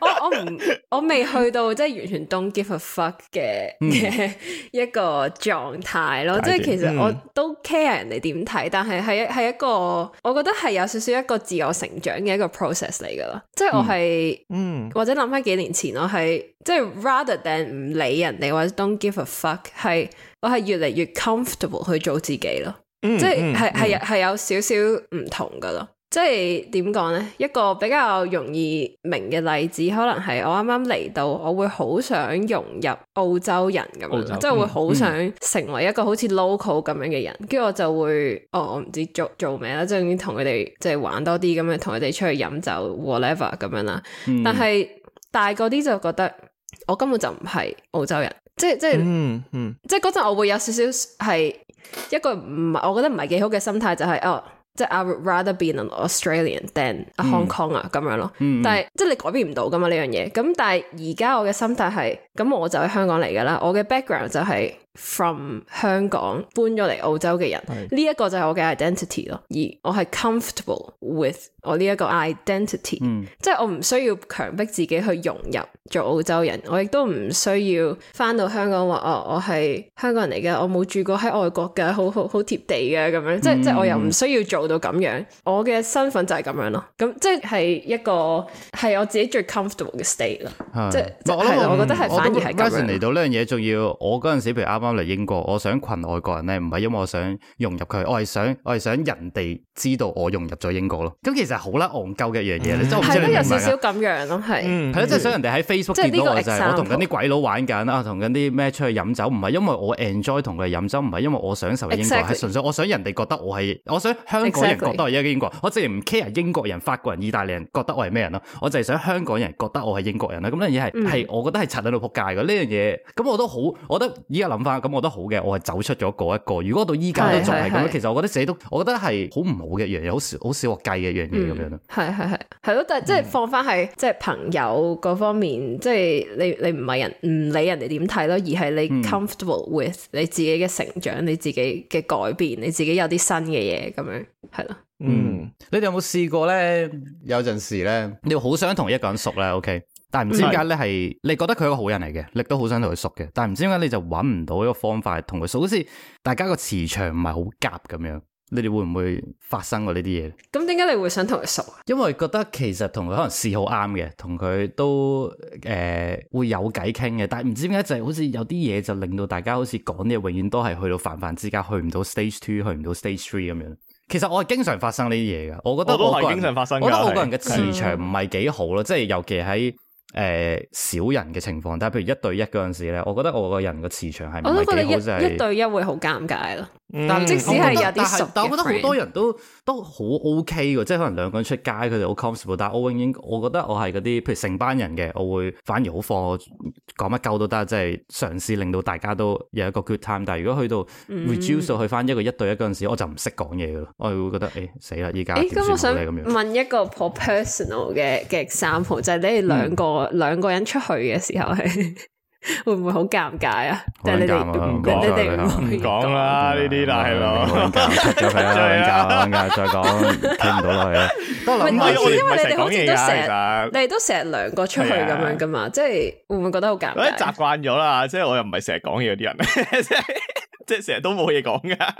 我我唔，我未去到即係完全 don't give a fuck 嘅、嗯、一個狀態咯。嗯、即係其實我都 care 人哋點睇，但係係係一個，我覺得係有少少一個自我成長嘅一個 process 嚟噶啦。即係我係、嗯，嗯，或者諗翻幾年前，我係即係、就是、rather than 唔理人哋或者 don't give a fuck，係我係越嚟越 comfortable 去做自己咯。嗯、即係係係有少少唔同噶咯，即係點講呢？一個比較容易明嘅例子，可能係我啱啱嚟到，我會好想融入澳洲人咁樣，洲即係會好想成為一個好似 local 咁樣嘅人，跟住、嗯、我就會，哦，我唔知做做咩啦，即係已經同佢哋即係玩多啲咁樣，同佢哋出去飲酒 whatever 咁樣啦。但係、嗯、大個啲就覺得我根本就唔係澳洲人，即係即係、嗯，嗯嗯，即係嗰陣我會有少少係。一個唔係，我覺得唔係幾好嘅心態就係、是，哦、oh，即係 I would rather be an Australian than a Hong Konger 啊、er, 嗯，咁樣咯。嗯、但係即係你改變唔到噶嘛呢樣嘢。咁但係而家我嘅心態係，咁我就喺香港嚟噶啦，我嘅 background 就係、是。From 香港搬咗嚟澳洲嘅人，呢一是個就係我嘅 identity 咯。而我係 comfortable with 我呢一個 identity，、嗯、即係我唔需要強迫自己去融入做澳洲人，我亦都唔需要返到香港話哦，我係香港人嚟嘅，我冇住過喺外國嘅好好好貼地嘅咁樣，即係即係我又唔需要做到咁樣，我嘅身份就係咁樣咯。咁即係一個係我自己最 comfortable 嘅 state 咯是。即係我咧，但 是我覺得係、嗯、反而係。嚟到呢樣嘢，仲要我嗰陣時譬如啱啱。翻嚟英國，我想群外國人咧，唔係因為我想融入佢，我係想我係想人哋知道我融入咗英國咯。咁其實好啦，憨鳩嘅一樣嘢，嗯、你都唔知點有少少咁樣咯，係、嗯。係咯、嗯，即係、就是、想人哋喺 Facebook、嗯、見到我，就係我同緊啲鬼佬玩緊啊，同緊啲咩出去飲酒，唔係因為我 enjoy 同佢飲酒，唔係因為我享受，我想受英國，係純粹我想人哋覺得我係，我想香港人覺得我係英國，Exactly. 我淨係唔 care 英國人、法國人、意大利人覺得我係咩人咯，我就係想香港人覺得我係英國人啦。咁呢樣嘢係係，我覺得係蠢到撲街嘅呢樣嘢。咁我都好，我覺得依家諗翻。咁我都好嘅，我係走出咗嗰一,一個。如果到依家都仲係咁，是是是其實我覺得自己都，我覺得係好唔好嘅一樣嘢，好少好少計嘅一樣嘢咁樣咯。係係係係咯，但係即係放翻係、嗯、即係朋友嗰方面，即係你你唔係人唔理人哋點睇咯，而係你 comfortable、嗯、with 你自己嘅成長，你自己嘅改變，你自己有啲新嘅嘢咁樣，係咯。嗯，你哋有冇試過咧？有陣時咧，你好想同一個人熟咧，OK？但係唔知點解咧，係是你覺得佢係一個好人嚟嘅，你都好想同佢熟嘅。但係唔知點解你就揾唔到一個方法同佢熟，好似大家個磁場唔係好夾咁樣。你哋會唔會發生過呢啲嘢？咁點解你會想同佢熟啊？因為覺得其實同佢可能事好啱嘅，同佢都誒、呃、會有偈傾嘅。但係唔知點解就係好似有啲嘢就令到大家好似講嘢永遠都係去到泛泛之交，去唔到 stage two，去唔到 stage three 咁樣。其實我係經常發生呢啲嘢嘅，我覺得我都係經常發生。我覺得我個人嘅、嗯、磁場唔係幾好咯，即係的尤其喺。誒，少、呃、人嘅情況，但係譬如一對一嗰陣時咧，我覺得我個人嘅磁場係，我都覺得一一對一會好尷尬咯。但、嗯、即使係有啲，熟，但係我覺得好多人都都好 OK 嘅，即係可能兩個人出街佢哋好 comfortable。但係我永遠，我覺得我係嗰啲，譬如成班人嘅，我會反而好放，講乜鳩都得，即係嘗試令到大家都有一個 good time。但係如果去到 reduce 去翻一個一對一嗰陣時，我就唔識講嘢咯，我會覺得誒死啦，而家咁樣。欸、我想問一個頗 personal 嘅嘅 example 就係、是、你哋兩個。嗯兩個人出去嘅時候係會唔會好尷尬啊？即係你哋唔講啦，呢啲啦係咯，再講尷尬，尷尬，再講聽唔到落去啦，係啊。唔係，因為你哋好似都成，你哋都成日兩個出去咁樣噶嘛，即係會唔會覺得好尷尬？習慣咗啦，即係我又唔係成日講嘢嗰啲人，即係即係成日都冇嘢講噶。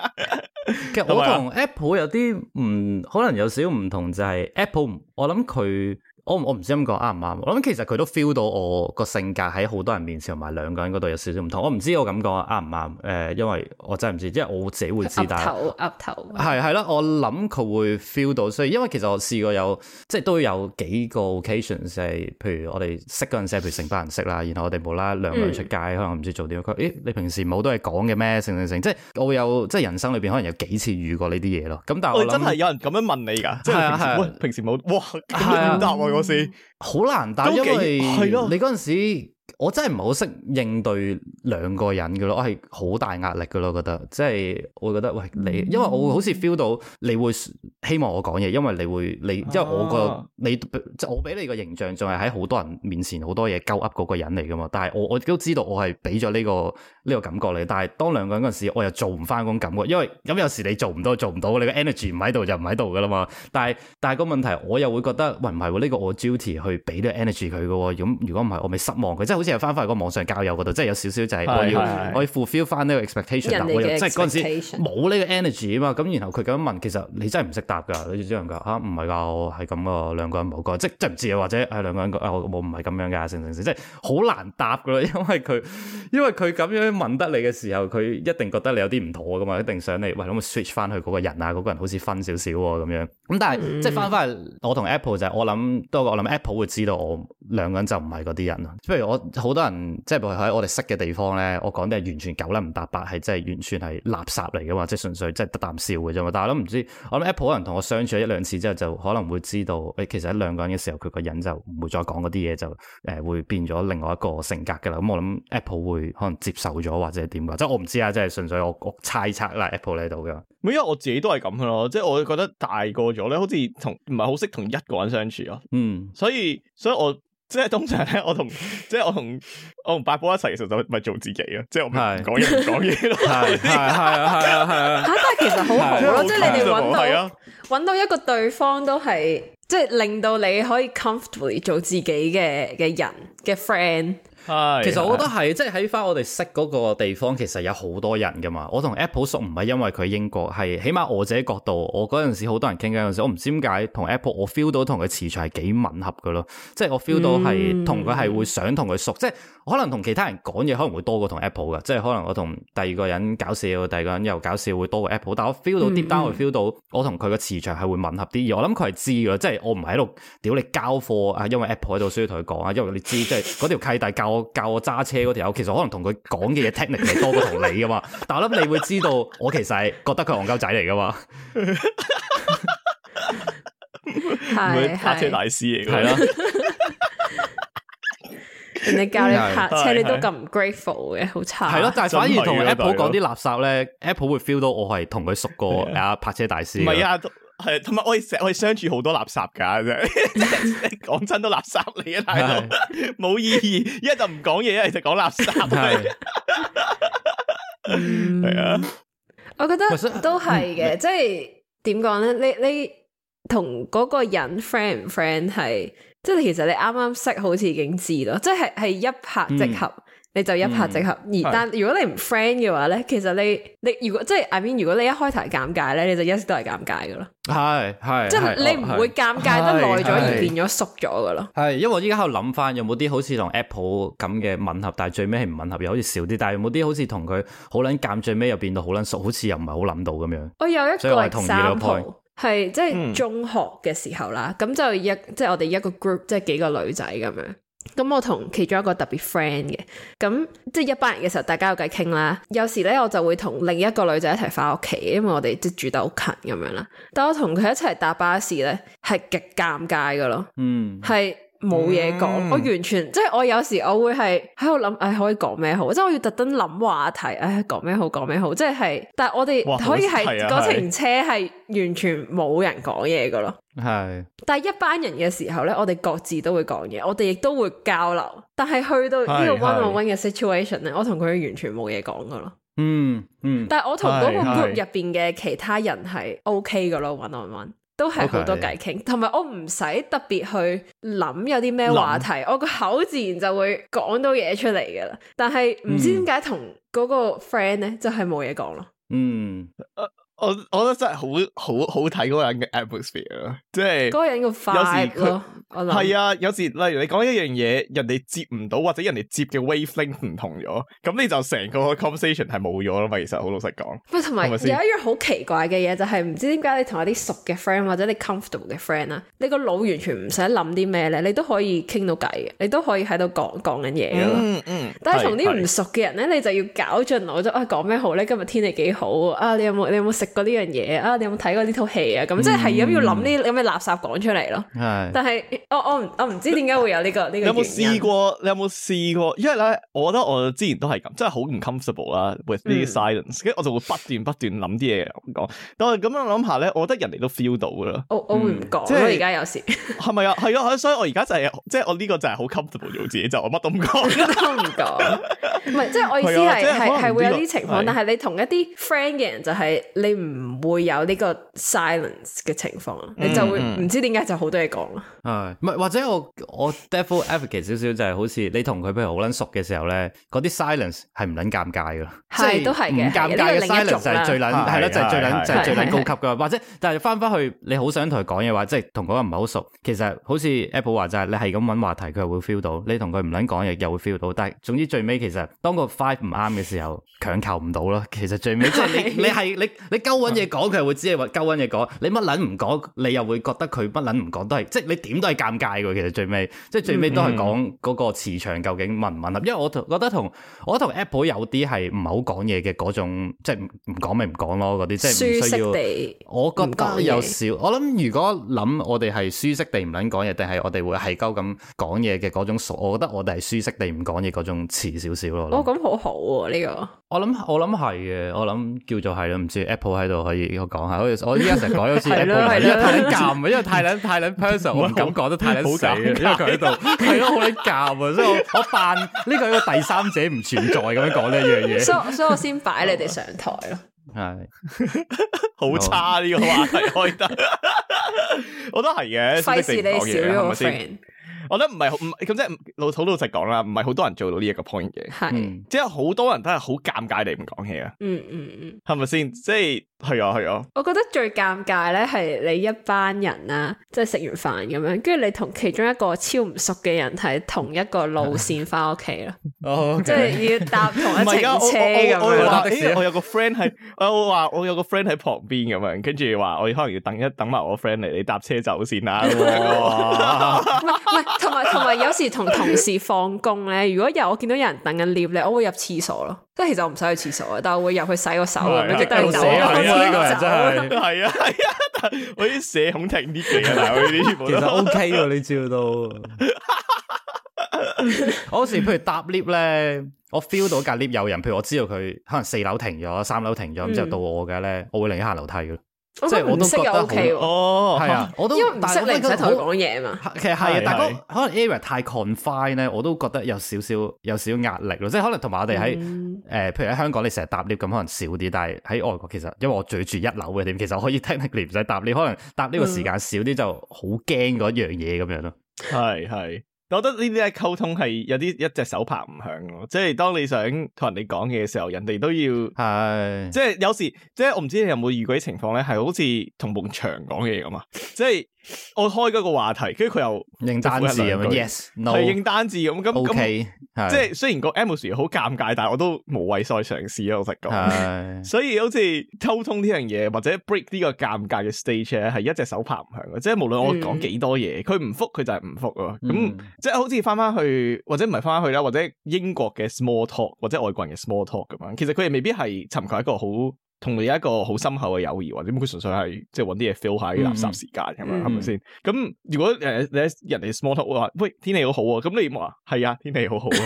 其實我同 Apple 有啲唔可能有少唔同，就係 Apple，我諗佢。我我唔知咁講啱唔啱，我諗其實佢都 feel 到我個性格喺好多人面前同埋兩個人嗰度有少少唔同。我唔知我咁講啱唔啱？誒、呃，因為我真係唔知，因為我自己會試，但係噏頭噏頭係係啦。我諗佢會 feel 到，所以因為其實我試過有即係都有幾個 occasions 係，譬如我哋識嗰陣時，譬如成班人識啦，然後我哋冇啦啦兩個人出街，嗯、可能我唔知做啲乜。佢誒你平時冇都係講嘅咩？成成成，即係我有即係人生裏邊可能有幾次遇過呢啲嘢咯。咁但係我，我真係有人咁樣問你㗎，即係平時冇、啊啊，哇，點答？好難，但係挺因為你嗰陣時。我真係唔係好識應對兩個人嘅咯，我係好大壓力噶咯，我覺得即係我會覺得喂你，因為我會好似 feel 到你會希望我講嘢，因為你會你，因為我個、啊、你即係我俾你個形象，仲係喺好多人面前好多嘢鳩噏嗰個人嚟噶嘛。但係我我亦都知道我係俾咗呢個呢、呢個感覺你，但係當兩個人陣時，我又做唔翻種感覺，因為咁有時你做唔到做唔到，你嘅 energy 唔喺度就唔喺度噶啦嘛。但係但係個問題我又會覺得喂唔係呢個我 duty 去俾啲 energy 佢嘅，咁如果唔係我咪失望佢即係。好似係翻返個網上交友嗰度，即係有少少就係我要是是是我要 fulfill 翻呢個 expectation，但即係嗰陣時冇呢個 energy 啊嘛。咁然後佢咁問，其實你真係唔識答㗎。你只人㗎嚇唔係㗎，我咁個兩個人唔好講，即係即唔知啊，或者係兩、哎、個人個、啊、我我唔係咁樣㗎，成成成即係好難答㗎咯。因為佢因為佢咁樣問得你嘅時候，佢一定覺得你有啲唔妥㗎嘛，一定想你喂諗 switch 翻去嗰個人啊，嗰、那個人好似分少少喎咁樣。咁但係即係翻返嚟，我同 Apple 就我諗多個，我諗 Apple 會知道我兩個人就唔係嗰啲人咯。譬如我。好多人即係我喺我哋識嘅地方咧，我講啲係完全九撚唔搭八，係真係完全係垃圾嚟噶嘛，即係純粹即係得啖笑嘅啫嘛。但係我都唔知，我諗 Apple 可能同我相處咗一兩次之後，就可能會知道，誒，其實一兩個人嘅時候，佢個人就唔會再講嗰啲嘢，就誒會變咗另外一個性格嘅啦。咁我諗 Apple 會可能會接受咗或者點啊？即係我唔知啊，即係純粹我，我猜測啦 App。Apple 喺度嘅，咪因為我自己都係咁嘅咯，即係我覺得大個咗咧，好似同唔係好識同一個人相處咯。嗯，所以所以我。即係通常咧，我同即係我同我同八寶一齊嘅時候，其實就咪、是、做自己咯！即係我唔講嘢，唔講嘢咯，係係啊係啊係啊吓！但係其實好好咯，即係你哋搵到搵到一個對方都係，即係令到你可以 comfortably 做自己嘅嘅人嘅 friend。其實我覺得係，即係喺翻我哋識嗰個地方，其實有好多人噶嘛。我同 Apple 熟唔係因為佢喺英國，係起碼我自己角度，我嗰陣時好多人傾偈嗰陣時，我唔知點解同 Apple，我 feel 到同佢磁場係幾吻合噶咯。即係我 feel 到係同佢係會想同佢熟，嗯、即係可能同其他人講嘢可能會多過同 Apple 嘅。即係可能我同第二個人搞笑，第二個人又搞笑會多過 Apple，但我 feel 到啲單會 feel 到我同佢個磁場係會吻合啲，而我諗佢係知㗎，即係我唔係喺度屌你交貨啊，因為 Apple 喺度需要同佢講啊，因為你知，即係嗰條契弟教。 教我揸車嗰條友，其實可能同佢講嘅嘢 technic 係多過同你噶嘛，但係我諗你會知道，我其實係覺得佢戇鳩仔嚟噶嘛，係拍車大師嚟噶，係咯，人哋教你拍車，你都咁 grateful 嘅，好慘。係咯、 啊，但、就、係、是、反而同 Apple 講啲垃圾咧，Apple 會 feel 到我係同佢熟過阿拍車大師。唔係啊。不 係，同埋我哋成日可以相處好多垃圾噶， 真講真都垃圾嚟啊，太多冇意義，一就唔講嘢，一就講垃圾。係啊，我覺得都係嘅、嗯，即係點講咧？你你同嗰個人 friend 唔 friend 係，即係其實你啱啱識好似已經知咯，即係係一拍即合。嗯你就一拍即合，而、嗯、但如果你唔 friend 嘅話咧，是其實你你如果即係，I mean，如果你一開頭係尷尬咧，你就一直都係尷尬噶咯。係係，即係你唔會尷尬得耐咗而變咗熟咗噶咯。係，因為我依家喺度諗翻有冇啲好似同 Apple 咁嘅吻合，但係最尾係唔吻合，又好似少啲。但係有冇啲好似同佢好撚尷，最尾又變到好撚熟，好似又唔係好諗到咁樣。我有一個係三號，係即係中學嘅時候啦。咁、嗯、就一即係我哋一個 group，即係幾個女仔咁樣。咁我同其中一個特別 friend 嘅，咁即係一班人嘅時候，大家有偈傾啦。有時咧，我就會同另一個女仔一齊翻屋企，因為我哋即係住得好近咁樣啦。但我同佢一齊搭巴士咧，係極尷尬噶咯，嗯，係。冇嘢講，嗯、我完全即係我有時我會係喺度諗，哎可以講咩好？即係我要特登諗話題，哎講咩好？講咩好？即係，但係我哋可以係嗰、啊、程車係完全冇人講嘢噶咯。係，但係一班人嘅時候呢，我哋各自都會講嘢，我哋亦都會交流。但係去到呢個 one on one 嘅 situation 咧，我同佢完全冇嘢講噶咯。嗯嗯，但係我同嗰個 group 入邊嘅其他人係 OK 噶咯，one on one。On one, 都係好多偈傾，同埋 Okay. 我唔使特別去諗有啲咩話題，想我個口自然就會講到嘢出嚟㗎喇。但係唔知點解同嗰個 friend 呢，就係冇嘢講咯。嗯。我我覺得真係好好好睇嗰個人嘅 atmosphere 咯，即係嗰個人嘅 fire 咯。係啊，有時例如你講一樣嘢，人哋接唔到或者人哋接嘅 wave length 唔同咗，咁你就成個 conversation 係冇咗咯。咪其實好老實講，咪同埋有一樣好奇怪嘅嘢，就係、是、唔知點解你同一啲熟嘅 friend 或者你 comfortable 嘅 friend 啦，你個腦完全唔使諗啲咩咧，你都可以傾到偈，你都可以喺度講講緊嘢咯。嗯嗯。但係同啲唔熟嘅人咧，你就要搞盡，我覺得啊講咩好咧？今日天氣幾好啊？你有冇你有冇食過呢樣嘢啊？你有冇睇過呢套戲啊？咁即係咁要諗啲咁嘅垃圾講出嚟咯。係，但係我我我唔知點解會有呢個呢個。有冇試過？你有冇試過？因為咧，我覺得我之前都係咁，即係好唔 comfortable 啦。With this silence，跟住我就會不斷不斷諗啲嘢咁講。但係咁樣諗下咧，我覺得人哋都 feel 到噶啦。我我會唔講即係我而家有時係咪啊？係啊，所以我而家就係即係我呢個就係好 comfortable 自己就我乜都唔講，都唔講。唔係，即係我意思係係係會有啲情況，但係你同一啲 friend 嘅人就係你。唔會有呢個 silence 嘅情況，你就會唔知點解就好多嘢講咯。誒，唔係或者我我 devil advocate 少少就係好似你同佢譬如好撚熟嘅時候咧，嗰啲 silence 係唔撚尷尬噶，即係都係嘅，唔尷尬嘅 silence 就係最撚係咯，就係最撚就係最撚高級噶。或者但係返返去你好想同佢講嘢話，即係同佢唔係好熟，其實好似 Apple 話就係你係咁搵話題，佢又會 feel 到；你同佢唔撚講嘢，又會 feel 到。但係總之最尾其實當個 vibe 唔啱嘅時候，強求唔到咯。其實最尾即係你你係你你。溝搵嘢講，佢係會知勾你話鳩搵嘢講。你乜捻唔講，你又會覺得佢乜捻唔講，都係，即係你點都係尷尬㗎。其實最尾，即係最尾都係講嗰個磁場究竟吻唔吻合。嗯嗯嗯，因為我覺得同我同 Apple 有啲係唔係好講嘢嘅嗰種，即係唔講咪唔講咯，嗰啲即係。唔需要。我覺得有少。說我諗，如果諗我哋係舒適地唔捻講嘢，定係我哋會係鳩咁講嘢嘅嗰種熟？我覺得我哋係舒適地唔講嘢嗰種遲少少咯。我哦，咁好好啊，呢個。我諗我諗係嘅，我諗叫做係咯，唔知 Apple 喺度可以我講下，好似我依家成日改好似 Apple 太捻因為太捻太捻 personal，我唔敢講得太捻死因為佢喺度係咯好捻夾啊，所以我我扮呢個一個第三者唔存在咁樣講呢一樣嘢，所所以我先擺你哋上台咯，係好差呢個話題開得，我都係嘅，費事你少我覺得唔係好，咁即係老土老實講啦，唔係好多人做到呢一個 point 嘅，係是、嗯、即係好多人都係好尷尬地唔講起嗯嗯嗯，係咪先？即、嗯、係。是係啊係啊，啊我覺得最尷尬咧係你一班人啊，即係食完飯咁樣，跟住你同其中一個超唔熟嘅人喺同一個路線翻屋企哦，即係、 oh, okay. 要搭同一程車咁樣我我我我我、欸。我有個 friend 係，我話我有個 friend 喺旁邊咁樣，跟住話我可能要等一等埋我 friend 嚟，你搭車先走先、啊、啦。唔係同埋同埋有時同同事放工咧，如果又我見到有人等緊 lift 咧，我會入廁所咯。即係其實我唔使去廁所，但係我會入去洗個手咁 樣。欸、我呢個人真係，係啊係啊， 啊啊我啲社恐停啲呢啲，其實 OK 嘅、啊，你知道都。 我有時譬如搭 lift 咧，我 feel 到隔 lift 有人，譬如我知道佢可能四樓停咗，三樓停咗，咁之 後到我嘅咧，我會另一行樓梯嘅。 即係我都覺得 OK 喎，係啊，我都因為唔識唔使同佢講嘢嘛。 其實係，是是但係 可能 Area 太 confine 咧，我都覺得有少少有少壓力咯。即係可能同埋我哋喺誒，譬如喺香港你成日搭 lift 咁，可能少啲。但係喺外國其實因為我住住一樓嘅點，其實我可以 technically 唔使搭 lift，可能搭呢個時間少啲，就好驚嗰一樣嘢咁樣咯。係係。 我覺得呢啲咧溝通係有啲一隻手拍唔響咯，即係當你想同人哋講嘢嘅時候，人哋都要係，即係有時即係我唔知你有冇遇過啲情況咧，係好似同幕牆講嘢咁啊！即係我開嗰個話題，跟住佢又認單字咁 yes no，係認單字咁咁，即係雖然個 emotion 好尷尬，但係我都無謂再嘗試咯，我實講，所以好似溝通呢樣嘢或者 break 呢個尷尬嘅 stage 咧，係一隻手拍唔響嘅，即係無論我講幾多嘢，佢唔覆佢就係唔覆咯，咁。即係好似翻返去，或者唔係翻返去啦，或者英國嘅 small talk，或者外國人嘅 small talk 咁樣，其實佢哋未必係尋求一個好，同你一個好深厚嘅友誼，或者佢純粹係即係揾啲嘢 feel 下啲垃圾時間咁樣，係咪先？咁吧、嗯、如果誒你人哋 small talk 話喂，天氣好好啊，咁你話係啊，天氣好好啊，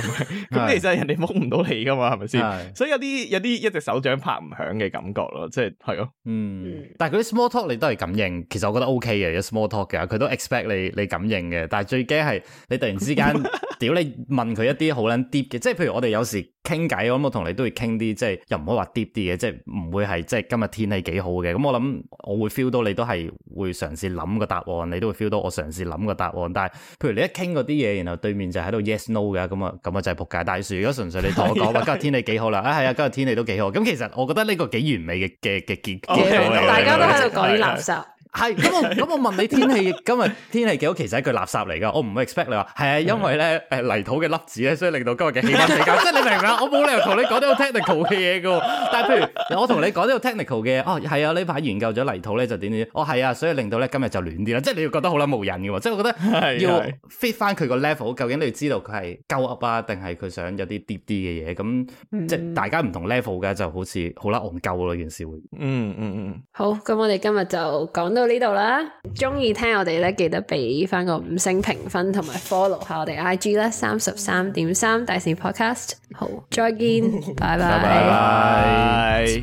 咁其實人哋摸唔到你噶嘛，係咪先？是所以有啲有啲一隻手掌拍唔響嘅感覺咯，即係係咯。啊、嗯，嗯但係嗰啲 small talk 你都係感應，其實我覺得 OK 嘅，有 small talk 嘅，佢都 expect 你你感應嘅，但係最驚係你突然之間屌你問佢一啲好撚 deep 嘅，即係譬如我哋有時。傾偈，我諗我同你，你，你都會傾啲即係又唔可以話 deep 啲嘅，即係唔會係即係今日天氣幾好嘅。咁我諗我會 feel 到你都係會嘗試諗個答案，你都會 feel 到我嘗試諗個答案。但係譬如你一傾嗰啲嘢，然後對面就喺度 yes no 嘅，咁啊，咁啊就仆街大樹。如果純粹你同我講話 今日天氣幾好啦 啊，係啊今日天氣都幾好，咁其實我覺得呢個幾完美嘅嘅嘅結，okay, 大家都喺度講啲垃圾。係咁，我咁我問你天氣今日天氣幾好？其實係一句垃圾嚟噶，我唔會 expect 你話係啊，因為咧誒的、呃、泥土嘅粒子咧，所以令到今日嘅氣溫比較即係你明唔明。 我冇理由同你講呢個 technical 嘅嘢噶。但係譬如我同你講呢個 technical 嘅，哦係啊，呢排研究咗泥土咧就點點，哦係啊，所以令到咧今日就暖啲啦。即係你要覺得好啦冇癮嘅嘛？即係我覺得的的要 fit 翻佢個 level，究竟你要知道佢係鳩噏啊，定係佢想有啲跌啲嘅嘢？咁、嗯嗯、即係大家唔同 level 嘅就好似好啦戇鳩咯，件事會、啊、嗯嗯嗯好。咁我哋今日就講得到呢度啦，中意聽我哋咧，記得俾翻個五星評分，同埋 follow 下我哋 IG 啦，三十三點三大線 Podcast，好，再見。哦、拜拜。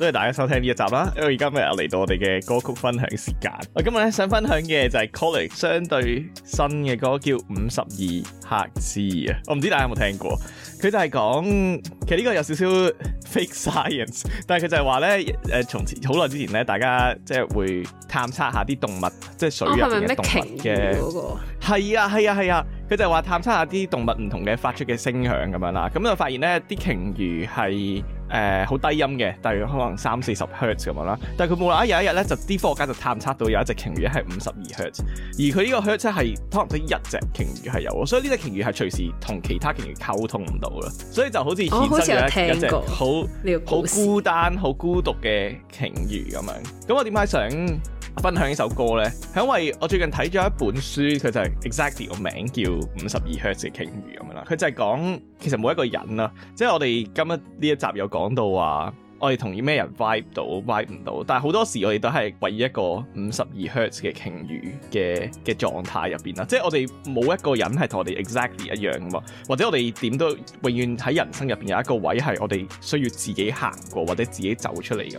多謝大家收聽呢一集啦，因為而家咪又嚟到我哋嘅歌曲分享時間。我今日咧想分享嘅就係 KOLOR 相對新嘅歌叫《五十二赫茲》啊，我唔知大家有冇聽過？佢就係講，其實呢個有少少 fake science，但係佢就係話咧，誒、呃，從好耐之前咧，大家即係會探測下啲動物，即係水入面嘅動物嘅、哦那個。係啊，係啊，係啊，佢就話探測下啲動物唔同嘅發出嘅聲響咁樣啦，咁就發現咧啲鯨魚係誒好低音嘅，大約可能三四十赫茲咁樣啦，但係佢冇啦啦有一日咧就啲科學家就探測到有一隻鯨魚係五十二赫茲，而佢呢個赫即係可能得一隻鯨魚係有，所以呢隻鯨魚係隨時同其他鯨魚溝通唔到啦，所以就好似產生咗一隻好好孤單、好孤獨嘅鯨魚咁樣。咁我點解想？分享呢首歌呢，係因為我最近睇咗一本書，佢就係 exactly 個名叫《五十二赫茲嘅鯨魚》咁樣啦。佢就係講其實每一個人啦、啊，即係我哋今日呢一集有講到話，我哋同意咩人 vibe 到 vibe 唔到，但係好多時我哋都係位於一個五十二赫茲嘅鯨魚嘅嘅狀態入邊啦。即係我哋冇一個人係同我哋 exactly 一樣㗎嘛，或者我哋點都永遠喺人生入邊有一個位係我哋需要自己行過或者自己走出嚟咁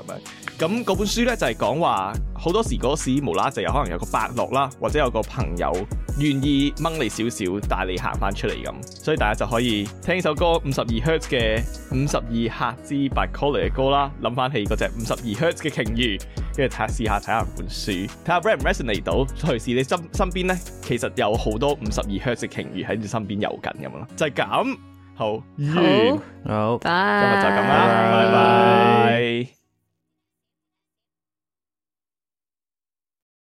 樣嗰本書咧就係講話好多時嗰時無啦就又可能有個伯樂啦，或者有個朋友願意掹你少少帶你行翻出嚟咁，所以大家就可以聽首歌五十二赫茲嘅五十二赫茲 by KOLOR 嘅歌。啦，諗翻起嗰隻五十二赫茲嘅鯨魚，跟住睇下試下睇下本書，睇下 RAM resonate 到，隨時你身身邊咧，其實有好多五十二赫茲嘅鯨魚喺你身邊游緊咁樣咯，就係咁，好，好，完好，今日就咁啦，拜拜。